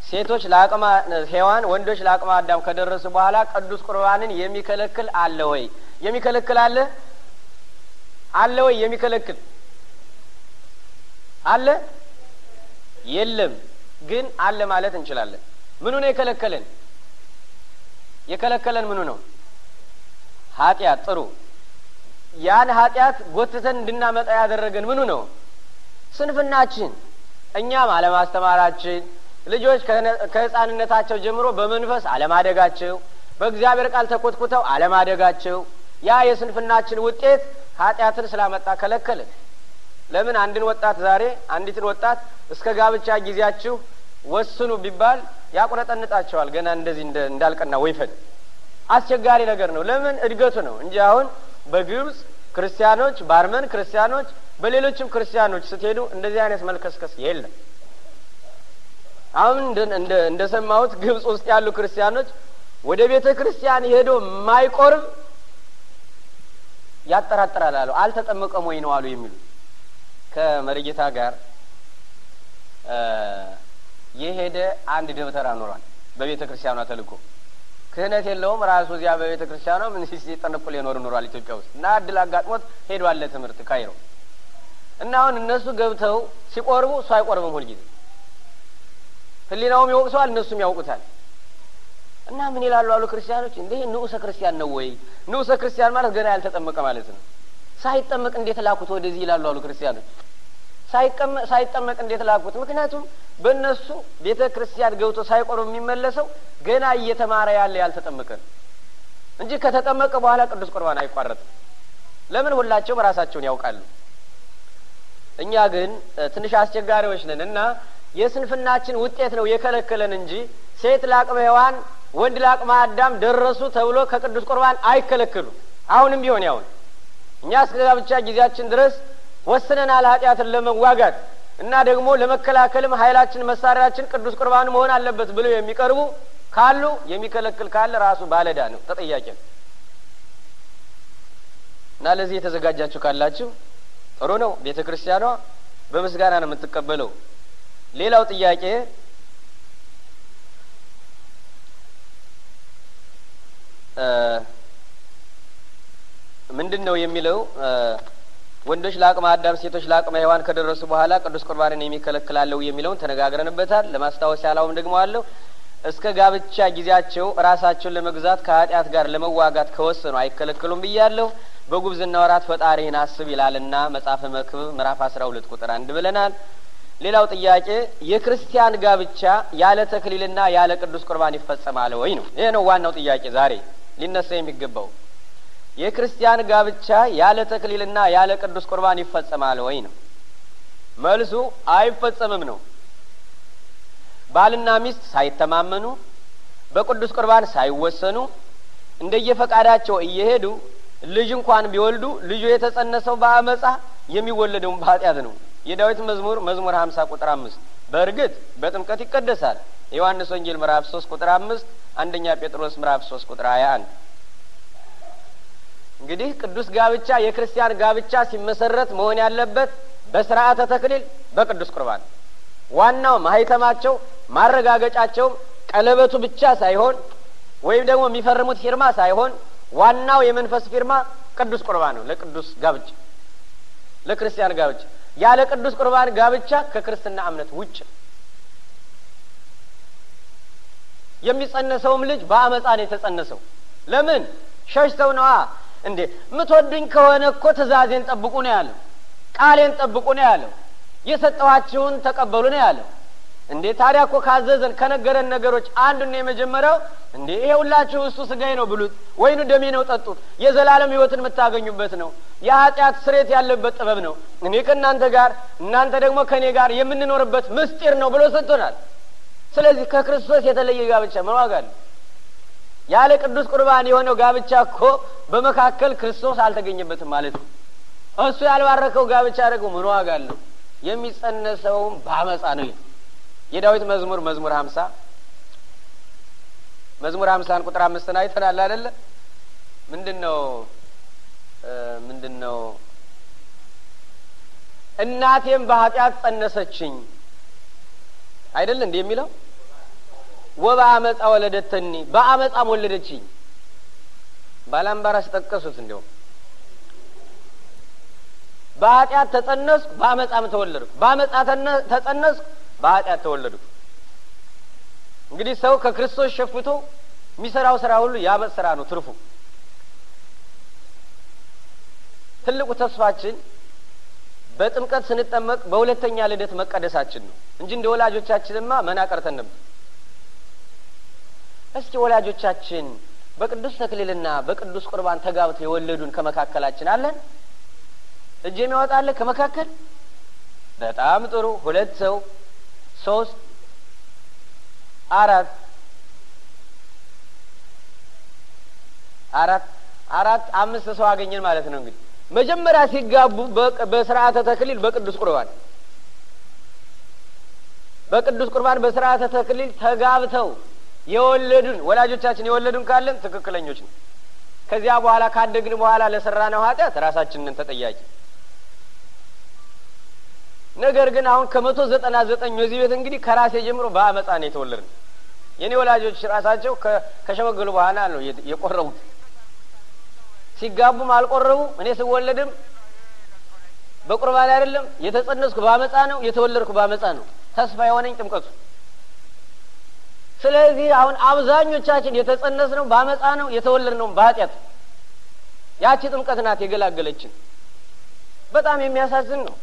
ሴቶች ለአቅመ ሔዋን፣ ወንዶች ለአቅመ አዳም ከደረሱ በኋላ ቅዱስ ቁርባንን የሚከለክል አለ ወይ? የሚከለክል አለ አለ ወይ? የሚከለክል አለ የለም። ግን አለ ማለት እንችላለን። ምኑ ነው የከለከለን? የከለከለን ምኑ ነው? ኃጢአት። ጥሩ። ያን ኃጢአት ጎትተን እንድናመጣ ያደረገን ምኑ ነው? ስንፍናችን፣ እኛም አለማስተማራችን፣ ልጆች ከህፃንነታቸው ጀምሮ በመንፈስ አለማደጋቸው፣ በእግዚአብሔር ቃል ተኮትኩተው አለማደጋቸው፣ ያ የስንፍናችን ውጤት ኃጢአትን ስላመጣ ከለከልን። ለምን አንድን ወጣት ዛሬ አንዲትን ወጣት እስከ ጋብቻ ጊዜያችሁ ወስኑ ቢባል ያቁረጠንጣቸዋል ገና እንደዚህ እንዳልቀና ወይፈን አስቸጋሪ ነገር ነው። ለምን እድገቱ ነው እንጂ አሁን በግብጽ ክርስቲያኖች፣ በአርመን ክርስቲያኖች፣ በሌሎችም ክርስቲያኖች ስትሄዱ እንደዚህ አይነት መልከስከስ የለም። አሁን እንደ ሰማሁት ግብጽ ውስጥ ያሉ ክርስቲያኖች ወደ ቤተ ክርስቲያን ሄዶ የማይቆርብ ያጠራጥራል አሉ። አልተጠመቀም ወይ ነው አሉ የሚሉት ከመርጌታ ጋር የሄደ አንድ ደብተራ ኖሯል። በቤተ ክርስቲያኗ ተልኮ ክህነት የለውም። ራሱ እዚያ በቤተ ክርስቲያኗ ምን ሲጠነቁል የኖር ኖሯል ኢትዮጵያ ውስጥ እና እድል አጋጥሞት ሄዷል ለትምህርት ካይሮ እና አሁን እነሱ ገብተው ሲቆርቡ እሱ አይቆርብም። ሁልጊዜ ህሊናውም ይወቅሰዋል፣ እነሱም ያውቁታል። እና ምን ይላሉ አሉ ክርስቲያኖች፣ እንዲህ ንዑሰ ክርስቲያን ነው ወይ? ንዑሰ ክርስቲያን ማለት ገና ያልተጠመቀ ማለት ነው። ሳይጠመቅ እንዴት ላኩት ወደዚህ ይላሉ አሉ ክርስቲያኖች። ሳይጠመቅ እንዴት ላኩት? ምክንያቱም በእነሱ ቤተ ክርስቲያን ገብቶ ሳይቆርብ የሚመለሰው ገና እየተማረ ያለ ያልተጠመቀ ነው እንጂ ከተጠመቀ በኋላ ቅዱስ ቁርባን አይቋረጥም። ለምን? ሁላቸውም ራሳቸውን ያውቃሉ። እኛ ግን ትንሽ አስቸጋሪዎች ነን እና የስንፍናችን ውጤት ነው የከለከለን እንጂ ሴት ለአቅመ ሔዋን ወንድ ለአቅመ አዳም ደረሱ ተብሎ ከቅዱስ ቁርባን አይከለከሉም። አሁንም ቢሆን ያውን እኛ እስከ ብቻ ጊዜያችን ድረስ ወስነናል ኃጢአትን ለመዋጋት እና ደግሞ ለመከላከልም ኃይላችን መሳሪያችን ቅዱስ ቁርባን መሆን አለበት ብለው የሚቀርቡ ካሉ የሚከለክል ካለ ራሱ ባለዳ ነው ተጠያቂ ነው። እና ለዚህ የተዘጋጃችሁ ካላችሁ ጥሩ ነው። ቤተ ክርስቲያኗ በምስጋና ነው የምትቀበለው። ሌላው ጥያቄ እ ምንድን ነው የሚለው ወንዶች ለአቅመ አዳም ሴቶች ለአቅመ ሔዋን ከደረሱ በኋላ ቅዱስ ቁርባንን የሚከለክላለው የሚለውን ተነጋግረንበታል። ለማስታወስ ያላውም ደግሞ አለው እስከ ጋብቻ ጊዜያቸው ራሳቸውን ለመግዛት ከኃጢአት ጋር ለመዋጋት ከወሰኑ አይከለክሉም ብያለሁ። በጉብዝና ወራት ፈጣሪህን አስብ ይላልና መጽሐፈ መክብ ምዕራፍ አስራ ሁለት ቁጥር አንድ ብለናል። ሌላው ጥያቄ የክርስቲያን ጋብቻ ያለ ተክሊልና ያለ ቅዱስ ቁርባን ይፈጸማል ወይ ነው። ይሄ ነው ዋናው ጥያቄ ዛሬ ሊነሳ የሚገባው። የክርስቲያን ጋብቻ ያለ ተክሊልና ያለ ቅዱስ ቁርባን ይፈጸማል ወይ ነው መልሱ፣ አይፈጸምም ነው። ባልና ሚስት ሳይተማመኑ በቅዱስ ቁርባን ሳይወሰኑ እንደየፈቃዳቸው እየሄዱ ልጅ እንኳን ቢወልዱ ልጁ የተጸነሰው በአመጻ የሚወለደውን በኃጢአት ነው። የዳዊት መዝሙር መዝሙር ሀምሳ ቁጥር አምስት በእርግጥ በጥምቀት ይቀደሳል። የዮሐንስ ወንጌል ምዕራፍ ሶስት ቁጥር አምስት አንደኛ ጴጥሮስ ምዕራፍ ሶስት ቁጥር ሀያ አንድ እንግዲህ ቅዱስ ጋብቻ የክርስቲያን ጋብቻ ሲመሰረት መሆን ያለበት በስርዓተ ተክሊል በቅዱስ ቁርባን ዋናው ማህተማቸው ማረጋገጫቸውም ቀለበቱ ብቻ ሳይሆን ወይም ደግሞ የሚፈርሙት ፊርማ ሳይሆን ዋናው የመንፈስ ፊርማ ቅዱስ ቁርባን ነው። ለቅዱስ ጋብቻ ለክርስቲያን ጋብቻ ያለ ቅዱስ ቁርባን ጋብቻ ከክርስትና እምነት ውጭ የሚጸነሰውም ልጅ በአመፃ ነው የተጸነሰው። ለምን ሸሽተው ነዋ እንዴ ምትወዱኝ ከሆነ እኮ ትእዛዜን ጠብቁ ነው ያለው። ቃሌን ጠብቁ ነው ያለው። የሰጠኋችሁን ተቀበሉ ነው ያለው። እንዴ ታዲያ እኮ ካዘዘን ከነገረን ነገሮች አንዱ ነው የመጀመሪያው እንዴ ይሄ ሁላችሁ እሱ ስጋዬ ነው ብሉት፣ ወይኑ ደሜ ነው ጠጡት፣ የዘላለም ህይወትን የምታገኙበት ነው፣ የኃጢአት ስሬት ያለበት ጥበብ ነው፣ እኔ ከእናንተ ጋር እናንተ ደግሞ ከእኔ ጋር የምንኖርበት ምስጢር ነው ብሎ ሰጥቶናል። ስለዚህ ከክርስቶስ የተለየ ጋብቻ ምን ዋጋ አለው? ያለ ቅዱስ ቁርባን የሆነው ጋብቻ እኮ በመካከል ክርስቶስ አልተገኘበትም ማለት ነው። እሱ ያልባረከው ጋብቻ ደግሞ ምን ዋጋ አለው? የሚጸነሰውም በአመፃ ነው። የዳዊት መዝሙር መዝሙር ሀምሳ መዝሙር ሀምሳን ቁጥር አምስትን አይተናል አይደለ? ምንድን ነው ምንድን ነው? እናቴም በኃጢአት ጸነሰችኝ አይደል እንዲህ የሚለው ወበአመፃ ወለደተኒ በአመፃም ወለደችኝ። ባላምባራስ ጠቀሱት። እንዲያውም በኃጢአት ተጸነስኩ በአመፃም ተወለድኩ፣ በአመፃ ተጸነስኩ በኃጢአት ተወለድኩ። እንግዲህ ሰው ከክርስቶስ ሸፍቶ የሚሰራው ስራ ሁሉ የአመፅ ስራ ነው ትርፉ። ትልቁ ተስፋችን በጥምቀት ስንጠመቅ በሁለተኛ ልደት መቀደሳችን ነው እንጂ እንደ ወላጆቻችንማ መናቀርተን ነበር። እስቲ ወላጆቻችን በቅዱስ ተክሊልና በቅዱስ ቁርባን ተጋብተው የወለዱን ከመካከላችን አለን? እጅ የሚያወጣለ ከመካከል? በጣም ጥሩ። ሁለት ሰው፣ ሶስት፣ አራት አራት አራት አምስት ሰው አገኘን ማለት ነው። እንግዲህ መጀመሪያ ሲጋቡ በስርዓተ ተክሊል በቅዱስ ቁርባን በቅዱስ ቁርባን በስርዓተ ተክሊል ተጋብተው የወለዱን ወላጆቻችን የወለዱን ካለን ትክክለኞች ነው። ከዚያ በኋላ ካደግን በኋላ ነው ኃጢአት ራሳችንን ተጠያቂ። ነገር ግን አሁን ከመቶ ዘጠና ዘጠኝ እዚህ ቤት እንግዲህ ከራሴ ጀምሮ በአመፃ ነው የተወለድን። የእኔ ወላጆች ራሳቸው ከሸመገሉ በኋላ ነው የቆረቡት። ሲጋቡም አልቆረቡ። እኔ ስወለድም በቁርባን አይደለም የተጸነስኩ፣ በአመፃ ነው የተወለድኩ፣ በአመፃ ነው ተስፋ የሆነኝ ጥምቀቱ ስለዚህ አሁን አብዛኞቻችን የተጸነስ ነው ባመጻ ነው የተወለድ ነው በኃጢአት ያቺ ጥምቀት ናት የገላገለችን። በጣም የሚያሳዝን ነው።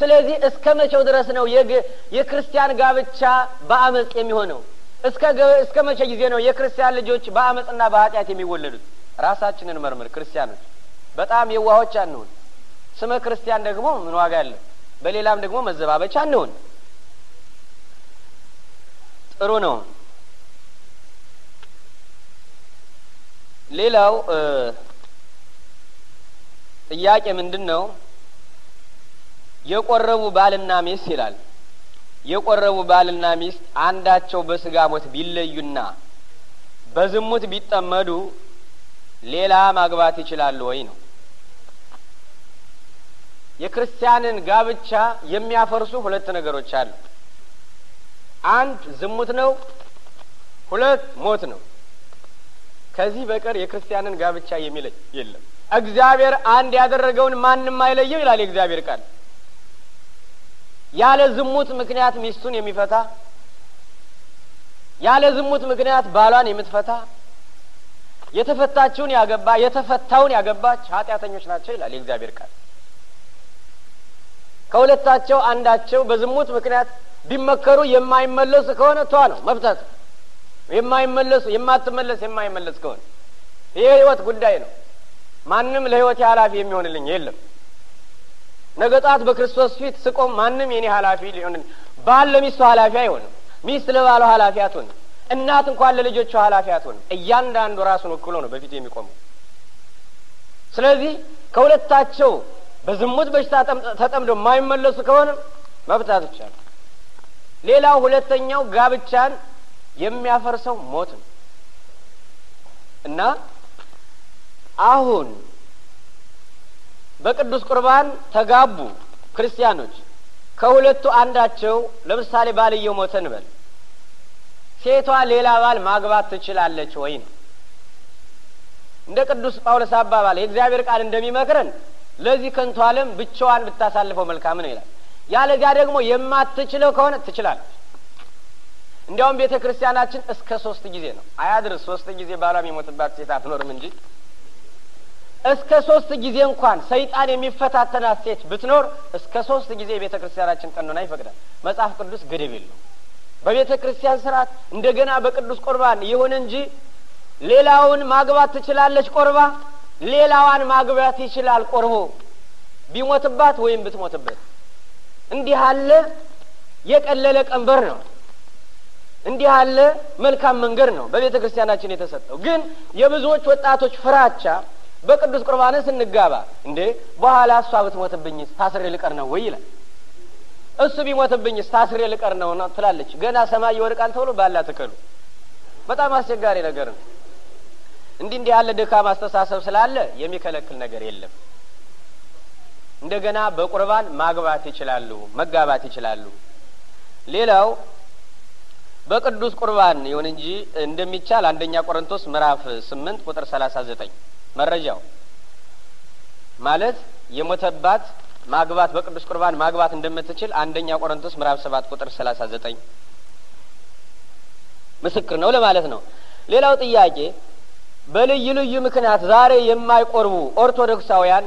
ስለዚህ እስከ መቼው ድረስ ነው የክርስቲያን ጋብቻ በአመፅ የሚሆነው? እስከ መቼ ጊዜ ነው የክርስቲያን ልጆች በአመፅና በኃጢአት የሚወለዱት? ራሳችንን መርምር ክርስቲያኖች። በጣም የዋሆች አንሆን ስመ ክርስቲያን ደግሞ ምን ዋጋ ያለ በሌላም ደግሞ መዘባበቻ አንሆን። ጥሩ ነው። ሌላው ጥያቄ ምንድን ነው? የቆረቡ ባልና ሚስት ይላል። የቆረቡ ባልና ሚስት አንዳቸው በስጋ ሞት ቢለዩና በዝሙት ቢጠመዱ ሌላ ማግባት ይችላሉ ወይ ነው። የክርስቲያንን ጋብቻ የሚያፈርሱ ሁለት ነገሮች አሉ። አንድ ዝሙት ነው፣ ሁለት ሞት ነው። ከዚህ በቀር የክርስቲያንን ጋብቻ የሚለይ የለም። እግዚአብሔር አንድ ያደረገውን ማንም አይለየው ይላል የእግዚአብሔር ቃል። ያለ ዝሙት ምክንያት ሚስቱን የሚፈታ ያለ ዝሙት ምክንያት ባሏን የምትፈታ የተፈታችውን ያገባ የተፈታውን ያገባች ኃጢአተኞች ናቸው ይላል የእግዚአብሔር ቃል። ከሁለታቸው አንዳቸው በዝሙት ምክንያት ቢመከሩ የማይመለሱ ከሆነ ቷ ነው መፍታት የማይመለሱ የማትመለስ የማይመለስ ከሆነ ይህ ህይወት ጉዳይ ነው። ማንም ለህይወቴ ኃላፊ የሚሆንልኝ የለም። ነገ ጧት በክርስቶስ ፊት ስቆም ማንም የኔ ኃላፊ ሊሆን ባል ለሚስቱ ኃላፊ አይሆንም። ሚስት ለባሏ ኃላፊ አትሆንም። እናት እንኳን ለልጆቿ ኃላፊ አትሆንም። እያንዳንዱ ራሱን ወክሎ ነው በፊት የሚቆመው። ስለዚህ ከሁለታቸው በዝሙት በሽታ ተጠምደው የማይመለሱ ከሆነ መብታት ይቻላል። ሌላው ሁለተኛው ጋብቻን የሚያፈርሰው ሞት ነው እና አሁን በቅዱስ ቁርባን ተጋቡ ክርስቲያኖች ከሁለቱ አንዳቸው ለምሳሌ ባልየው ሞተ እንበል፣ ሴቷ ሌላ ባል ማግባት ትችላለች ወይ ነው እንደ ቅዱስ ጳውሎስ አባባል የእግዚአብሔር ቃል እንደሚመክረን ለዚህ ከንቱ ዓለም ብቻዋን ብታሳልፈው መልካም ነው ይላል። ያለዚያ ደግሞ የማትችለው ከሆነ ትችላለች። እንዲያውም ቤተ ክርስቲያናችን እስከ ሶስት ጊዜ ነው አያድርስ። ሶስት ጊዜ ባሏ የሚሞትባት ሴት አትኖርም እንጂ እስከ ሶስት ጊዜ እንኳን ሰይጣን የሚፈታተናት ሴት ብትኖር እስከ ሶስት ጊዜ የቤተ ክርስቲያናችን ቀኖና ይፈቅዳል። መጽሐፍ ቅዱስ ገደብ የለው። በቤተ ክርስቲያን ስርዓት እንደገና በቅዱስ ቁርባን ይሁን እንጂ ሌላውን ማግባት ትችላለች ቆርባ ሌላዋን ማግባት ይችላል ቆርቦ ቢሞትባት ወይም ብትሞትበት። እንዲህ አለ የቀለለ ቀንበር ነው። እንዲህ አለ መልካም መንገድ ነው በቤተ ክርስቲያናችን የተሰጠው። ግን የብዙዎች ወጣቶች ፍራቻ በቅዱስ ቁርባን ስንጋባ እንዴ በኋላ እሷ ብትሞትብኝስ ታስሬ ልቀር ነው ወይ ይላል። እሱ ቢሞትብኝስ ታስሬ ልቀር ነው ትላለች። ገና ሰማይ ይወድቃል ተብሎ ባላ ትከሉ በጣም አስቸጋሪ ነገር ነው። እንዲህ እንዲህ ያለ ድካ አስተሳሰብ ስላለ የሚከለክል ነገር የለም። እንደገና በቁርባን ማግባት ይችላሉ፣ መጋባት ይችላሉ። ሌላው በቅዱስ ቁርባን ይሁን እንጂ እንደሚቻል አንደኛ ቆሮንቶስ ምዕራፍ ስምንት ቁጥር ሰላሳ ዘጠኝ መረጃው ማለት የሞተባት ማግባት በቅዱስ ቁርባን ማግባት እንደምትችል አንደኛ ቆሮንቶስ ምዕራፍ ሰባት ቁጥር ሰላሳ ዘጠኝ ምስክር ነው ለማለት ነው። ሌላው ጥያቄ በልዩ ልዩ ምክንያት ዛሬ የማይቆርቡ ኦርቶዶክሳውያን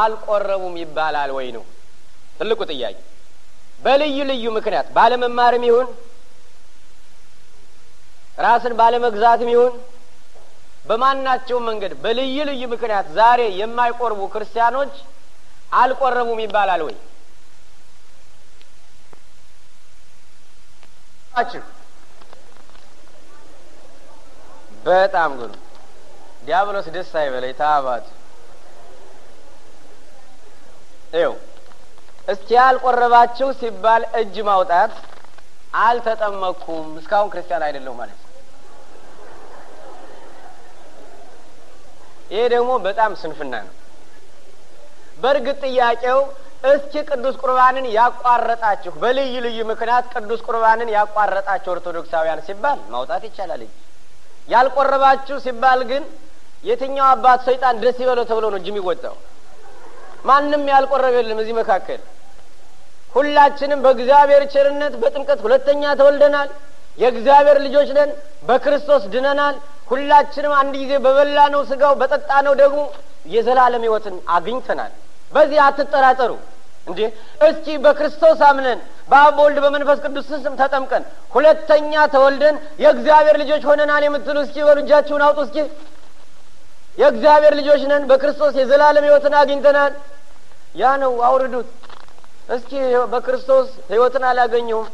አልቆረቡም ይባላል ወይ ነው ትልቁ ጥያቄ። በልዩ ልዩ ምክንያት ባለመማርም ይሁን ራስን ባለመግዛትም ይሁን በማናቸውም መንገድ በልዩ ልዩ ምክንያት ዛሬ የማይቆርቡ ክርስቲያኖች አልቆረቡም ይባላል ወይ? በጣም ግሩም። ዲያብሎስ ደስ አይበለኝ ታባት ይው እስቲ ያልቆረባቸው ሲባል እጅ ማውጣት አልተጠመኩም እስካሁን ክርስቲያን አይደለሁ ማለት ነው። ይሄ ደግሞ በጣም ስንፍና ነው። በእርግጥ ጥያቄው እስኪ ቅዱስ ቁርባንን ያቋረጣችሁ በልዩ ልዩ ምክንያት ቅዱስ ቁርባንን ያቋረጣችሁ ኦርቶዶክሳውያን ሲባል ማውጣት ይቻላል። ያልቆረባችሁ ሲባል ግን የትኛው አባት ሰይጣን ደስ ይበለው ተብሎ ነው እጅ የሚወጣው? ማንም ያልቆረበ የለም እዚህ መካከል ሁላችንም በእግዚአብሔር ቸርነት በጥምቀት ሁለተኛ ተወልደናል። የእግዚአብሔር ልጆች ነን። በክርስቶስ ድነናል። ሁላችንም አንድ ጊዜ በበላ ነው ስጋው በጠጣ ነው ደግሞ የዘላለም ሕይወትን አግኝተናል። በዚህ አትጠራጠሩ። እንዴ እስኪ በክርስቶስ አምነን በአብ በወልድ በመንፈስ ቅዱስ ስም ተጠምቀን ሁለተኛ ተወልደን የእግዚአብሔር ልጆች ሆነናል የምትሉ እስኪ በሉ እጃችሁን አውጡ እስኪ የእግዚአብሔር ልጆች ነን። በክርስቶስ የዘላለም ህይወትን አግኝተናል። ያ ነው አውርዱት። እስኪ በክርስቶስ ህይወትን አላገኘሁም፣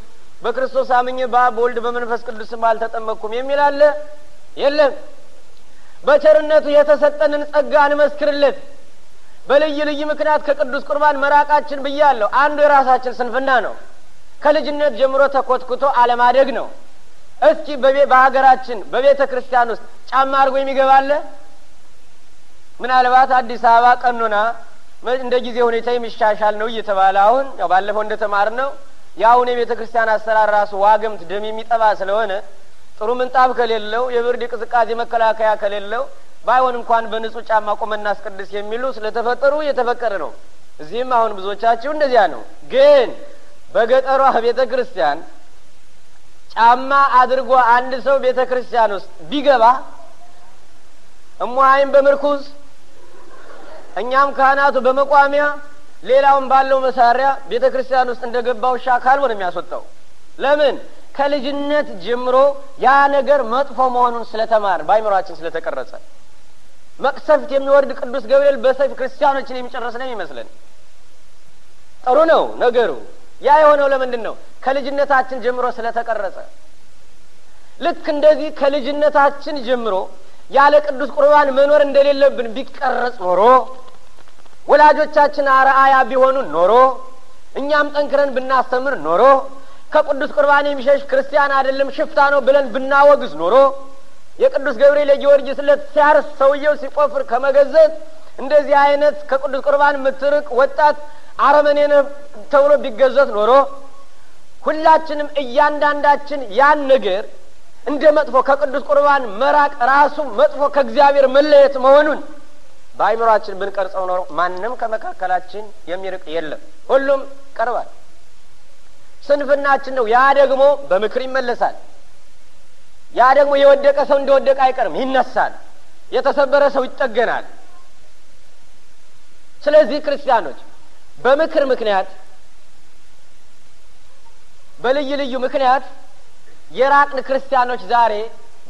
በክርስቶስ አምኜ በአብ በወልድ በመንፈስ ቅዱስም አልተጠመቅኩም የሚል አለ? የለም። በቸርነቱ የተሰጠንን ጸጋ እንመስክርለት። በልዩ ልዩ ምክንያት ከቅዱስ ቁርባን መራቃችን ብያለሁ። አንዱ የራሳችን ስንፍና ነው። ከልጅነት ጀምሮ ተኮትኩቶ አለማደግ ነው። እስኪ በሀገራችን በቤተ ክርስቲያን ውስጥ ጫማ አድርጎ የሚገባለ ምናልባት አዲስ አበባ ቀኖና እንደ ጊዜ ሁኔታ የሚሻሻል ነው እየተባለ አሁን ያው ባለፈው እንደ ተማር ነው የአሁን የቤተ ክርስቲያን አሰራር ራሱ ዋግምት ደም የሚጠባ ስለሆነ ጥሩ ምንጣፍ ከሌለው የብርድ ቅዝቃዜ መከላከያ ከሌለው ባይሆን እንኳን በንጹህ ጫማ ቆመን እናስቀድስ የሚሉ ስለተፈጠሩ እየተፈቀደ ነው። እዚህም አሁን ብዙዎቻችሁ እንደዚያ ነው። ግን በገጠሯ ቤተ ክርስቲያን ጫማ አድርጎ አንድ ሰው ቤተ ክርስቲያን ውስጥ ቢገባ እሞሀይም በምርኩዝ እኛም ካህናቱ በመቋሚያ ሌላውን ባለው መሳሪያ ቤተ ክርስቲያን ውስጥ እንደ ገባ ውሻ ካልሆነ የሚያስወጣው። ለምን? ከልጅነት ጀምሮ ያ ነገር መጥፎ መሆኑን ስለተማር በአይምሯችን ስለተቀረጸ መቅሰፍት የሚወርድ ቅዱስ ገብርኤል በሰይፍ ክርስቲያኖችን የሚጨርስ ነው ይመስለን። ጥሩ ነው ነገሩ። ያ የሆነው ለምንድን ነው? ከልጅነታችን ጀምሮ ስለተቀረጸ። ልክ እንደዚህ ከልጅነታችን ጀምሮ ያለ ቅዱስ ቁርባን መኖር እንደሌለብን ቢቀረጽ ኖሮ ወላጆቻችን አርአያ ቢሆኑ ኖሮ እኛም ጠንክረን ብናስተምር ኖሮ ከቅዱስ ቁርባን የሚሸሽ ክርስቲያን አይደለም ሽፍታ ነው ብለን ብናወግዝ ኖሮ የቅዱስ ገብርኤል የጊዮርጊስ ዕለት ሲያርስ ሰውየው ሲቆፍር ከመገዘት እንደዚህ አይነት ከቅዱስ ቁርባን ምትርቅ ወጣት አረመኔ ነህ ተብሎ ቢገዘት ኖሮ ሁላችንም እያንዳንዳችን ያን ነገር እንደ መጥፎ ከቅዱስ ቁርባን መራቅ ራሱ መጥፎ ከእግዚአብሔር መለየት መሆኑን በአይምሯችን ብንቀርጸው ኖሮ ማንም ከመካከላችን የሚርቅ የለም፣ ሁሉም ቀርባል። ስንፍናችን ነው። ያ ደግሞ በምክር ይመለሳል። ያ ደግሞ የወደቀ ሰው እንደወደቀ አይቀርም፣ ይነሳል። የተሰበረ ሰው ይጠገናል። ስለዚህ ክርስቲያኖች በምክር ምክንያት በልዩ ልዩ ምክንያት የራቅን ክርስቲያኖች ዛሬ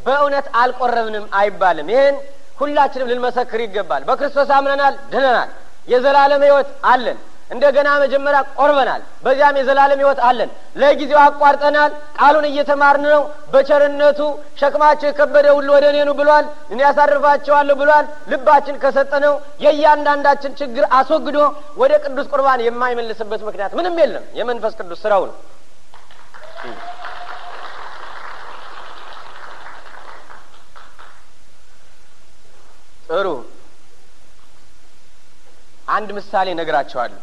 በእውነት አልቆረብንም አይባልም። ይህን ሁላችንም ልንመሰክር ይገባል። በክርስቶስ አምነናል፣ ድነናል፣ የዘላለም ህይወት አለን። እንደገና መጀመሪያ ቆርበናል፣ በዚያም የዘላለም ህይወት አለን። ለጊዜው አቋርጠናል፣ ቃሉን እየተማርን ነው። በቸርነቱ ሸክማቸው የከበደ ሁሉ ወደ እኔኑ ብሏል፣ እኔ ያሳርፋቸዋለሁ ብሏል። ልባችን ከሰጠነው የእያንዳንዳችን ችግር አስወግዶ ወደ ቅዱስ ቁርባን የማይመልስበት ምክንያት ምንም የለም። የመንፈስ ቅዱስ ስራው ነው። ጥሩ አንድ ምሳሌ ነግራቸዋለሁ።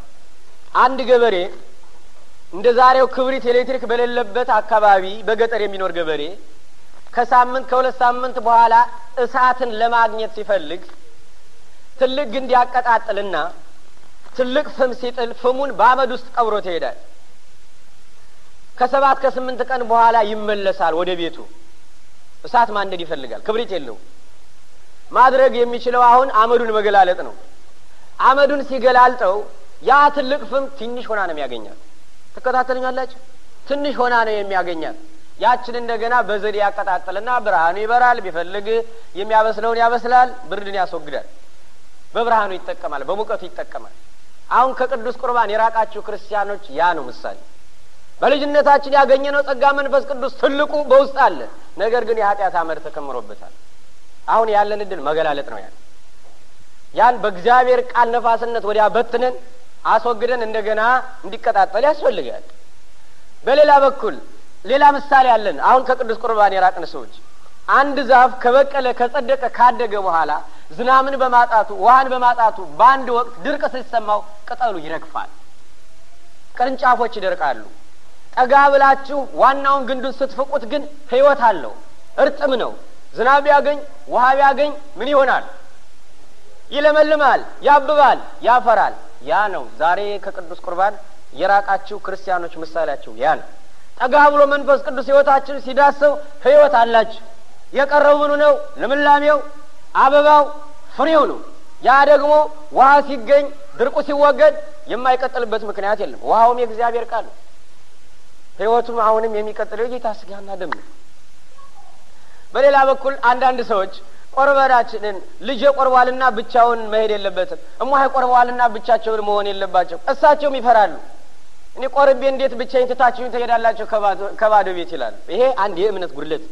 አንድ ገበሬ እንደ ዛሬው ክብሪት፣ ኤሌክትሪክ በሌለበት አካባቢ በገጠር የሚኖር ገበሬ ከሳምንት ከሁለት ሳምንት በኋላ እሳትን ለማግኘት ሲፈልግ ትልቅ ግንድ ያቀጣጥልና ትልቅ ፍም ሲጥል ፍሙን በአመድ ውስጥ ቀብሮት ይሄዳል። ከሰባት ከስምንት ቀን በኋላ ይመለሳል ወደ ቤቱ። እሳት ማንደድ ይፈልጋል፣ ክብሪት የለውም። ማድረግ የሚችለው አሁን አመዱን መገላለጥ ነው። አመዱን ሲገላልጠው ያ ትልቅ ፍም ትንሽ ሆና ነው የሚያገኛት። ትከታተልኛላችሁ? ትንሽ ሆና ነው የሚያገኛት። ያችን እንደገና በዘዴ ያቀጣጥልና ብርሃኑ ይበራል። ቢፈልግ የሚያበስለውን ያበስላል፣ ብርድን ያስወግዳል። በብርሃኑ ይጠቀማል፣ በሙቀቱ ይጠቀማል። አሁን ከቅዱስ ቁርባን የራቃችሁ ክርስቲያኖች ያ ነው ምሳሌ። በልጅነታችን ያገኘነው ጸጋ መንፈስ ቅዱስ ትልቁ በውስጥ አለ። ነገር ግን የኃጢአት አመድ ተከምሮበታል። አሁን ያለን እድል መገላለጥ ነው ያለ ያን በእግዚአብሔር ቃል ነፋስነት ወዲያ በትንን አስወግደን እንደገና እንዲቀጣጠል ያስፈልጋል። በሌላ በኩል ሌላ ምሳሌ አለን። አሁን ከቅዱስ ቁርባን የራቅን ሰዎች አንድ ዛፍ ከበቀለ ከጸደቀ፣ ካደገ በኋላ ዝናምን በማጣቱ ውሃን በማጣቱ በአንድ ወቅት ድርቅ ሲሰማው ቅጠሉ ይረግፋል፣ ቅርንጫፎች ይደርቃሉ። ጠጋ ብላችሁ ዋናውን ግንዱን ስትፍቁት ግን ሕይወት አለው፣ እርጥም ነው። ዝናብ ቢያገኝ ውሃ ቢያገኝ ምን ይሆናል? ይለመልማል፣ ያብባል፣ ያፈራል። ያ ነው ዛሬ ከቅዱስ ቁርባን የራቃችሁ ክርስቲያኖች ምሳሌያችሁ ያ ነው። ጠጋ ብሎ መንፈስ ቅዱስ ሕይወታችን ሲዳሰው ህይወት አላችሁ። የቀረው ምኑ ነው? ልምላሜው፣ አበባው፣ ፍሬው ነው። ያ ደግሞ ውሃ ሲገኝ ድርቁ ሲወገድ የማይቀጥልበት ምክንያት የለም። ውሃውም የእግዚአብሔር ቃል ነው። ሕይወቱም አሁንም የሚቀጥለው የጌታ ስጋና ደም ነው። በሌላ በኩል አንዳንድ ሰዎች ቆርበራችንን ልጅ ቆርቧልና ብቻውን መሄድ የለበትም፣ እሟ ቆርቧልና ብቻቸውን መሆን የለባቸው። እሳቸውም ይፈራሉ። እኔ ቆርቤ እንዴት ብቻኝ ትታችሁኝ ተሄዳላቸው ከባዶ ቤት ይላሉ። ይሄ አንድ የእምነት ጉድለት።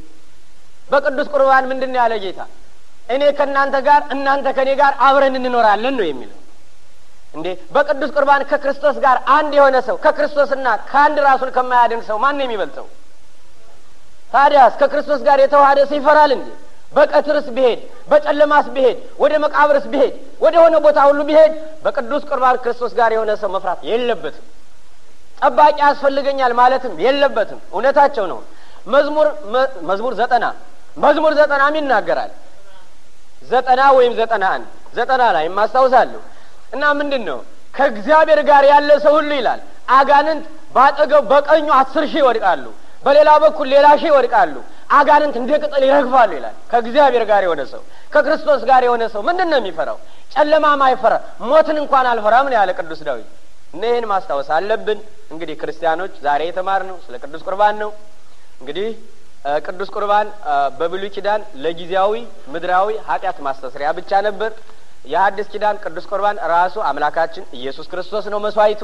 በቅዱስ ቁርባን ምንድን ያለ ጌታ? እኔ ከእናንተ ጋር እናንተ ከእኔ ጋር አብረን እንኖራለን ነው የሚለው። እንዴ በቅዱስ ቁርባን ከክርስቶስ ጋር አንድ የሆነ ሰው ከክርስቶስና ከአንድ ራሱን ከማያድን ሰው ማን ነው የሚበልጠው? ታዲያስ ከክርስቶስ ጋር የተዋሃደ ሰው ይፈራል እንዴ? በቀትርስ ብሄድ፣ በጨለማስ ብሄድ፣ ወደ መቃብርስ ብሄድ፣ ወደ ሆነ ቦታ ሁሉ ብሄድ በቅዱስ ቁርባን ክርስቶስ ጋር የሆነ ሰው መፍራት የለበትም። ጠባቂ ያስፈልገኛል ማለትም የለበትም። እውነታቸው ነው። መዝሙር መዝሙር ዘጠና መዝሙር ዘጠናም ይናገራል። ዘጠና ወይም ዘጠና አንድ ዘጠና ላይ የማስታውሳለሁ እና ምንድን ነው ከእግዚአብሔር ጋር ያለ ሰው ሁሉ ይላል አጋንንት በአጠገቡ በቀኙ አስር ሺህ ይወድቃሉ በሌላ በኩል ሌላ ሺ ይወድቃሉ። አጋንንት እንደ ቅጠል ይረግፋሉ ይላል። ከእግዚአብሔር ጋር የሆነ ሰው ከክርስቶስ ጋር የሆነ ሰው ምንድን ነው የሚፈራው? ጨለማም አይፈራ፣ ሞትን እንኳን አልፈራም ነው ያለ ቅዱስ ዳዊት እና ይህን ማስታወስ አለብን። እንግዲህ ክርስቲያኖች ዛሬ የተማርነው ስለ ቅዱስ ቁርባን ነው። እንግዲህ ቅዱስ ቁርባን በብሉይ ኪዳን ለጊዜያዊ ምድራዊ ኃጢአት ማስተስሪያ ብቻ ነበር። የአዲስ ኪዳን ቅዱስ ቁርባን ራሱ አምላካችን ኢየሱስ ክርስቶስ ነው መስዋዕቱ።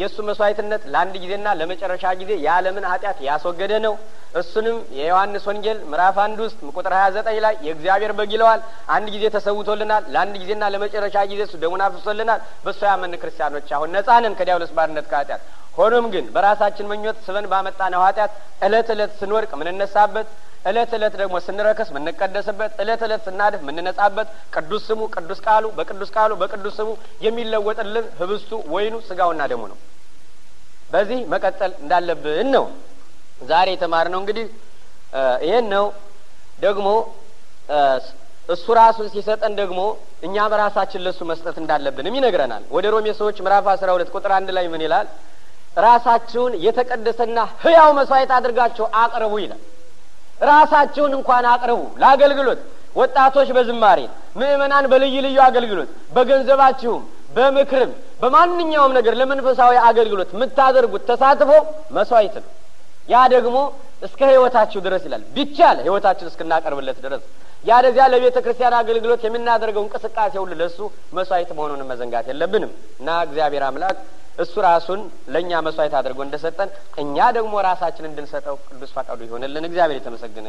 የእሱ መስዋዕትነት ለአንድ ጊዜና ለመጨረሻ ጊዜ የዓለምን ኃጢአት ያስወገደ ነው። እሱንም የዮሐንስ ወንጌል ምዕራፍ አንድ ውስጥ ቁጥር ሀያ ዘጠኝ ላይ የእግዚአብሔር በግ ይለዋል። አንድ ጊዜ ተሰውቶልናል። ለአንድ ጊዜና ለመጨረሻ ጊዜ እሱ ደሙን አፍሶልናል። በእሱ ያመን ክርስቲያኖች አሁን ነጻ ነን ከዲያብሎስ ባርነት ከኃጢአት ሆኖም ግን በራሳችን ምኞት ስበን ባመጣነው ኃጢአት እለት እለት ስንወድቅ ምንነሳበት፣ እለት እለት ደግሞ ስንረከስ ምንቀደስበት፣ እለት እለት ስናድፍ ምንነጻበት፣ ቅዱስ ስሙ ቅዱስ ቃሉ በቅዱስ ቃሉ በቅዱስ ስሙ የሚለወጥልን ህብስቱ፣ ወይኑ፣ ስጋውና ደሙ ነው። በዚህ መቀጠል እንዳለብን ነው ዛሬ ነው እንግዲህ ይሄን ነው ደግሞ እሱ ራሱን ሲሰጠን ደግሞ እኛ በራሳችን ለሱ መስጠት እንዳለብንም ይነግረናል። ወደ ሮሜ ሰዎች ምዕራፍ አስራ ሁለት ቁጥር አንድ ላይ ምን ይላል? ራሳችሁን የተቀደሰና ህያው መስዋዕት አድርጋችሁ አቅርቡ ይላል። ራሳችሁን እንኳን አቅርቡ ለአገልግሎት፣ ወጣቶች በዝማሬ ምእመናን በልዩ ልዩ አገልግሎት፣ በገንዘባችሁም፣ በምክርም፣ በማንኛውም ነገር ለመንፈሳዊ አገልግሎት የምታደርጉት ተሳትፎ መስዋዕት ነው። ያ ደግሞ እስከ ህይወታችሁ ድረስ ይላል። ቢቻል ህይወታችን እስክናቀርብለት ድረስ ያደዚያ ለቤተ ክርስቲያን አገልግሎት የምናደርገው እንቅስቃሴ ሁሉ ለእሱ መስዋዕት መሆኑን መዘንጋት የለብንም እና እግዚአብሔር አምላክ እሱ ራሱን ለእኛ መስዋዕት አድርጎ እንደሰጠን እኛ ደግሞ ራሳችን እንድንሰጠው ቅዱስ ፈቃዱ ይሆንልን። እግዚአብሔር የተመሰገነ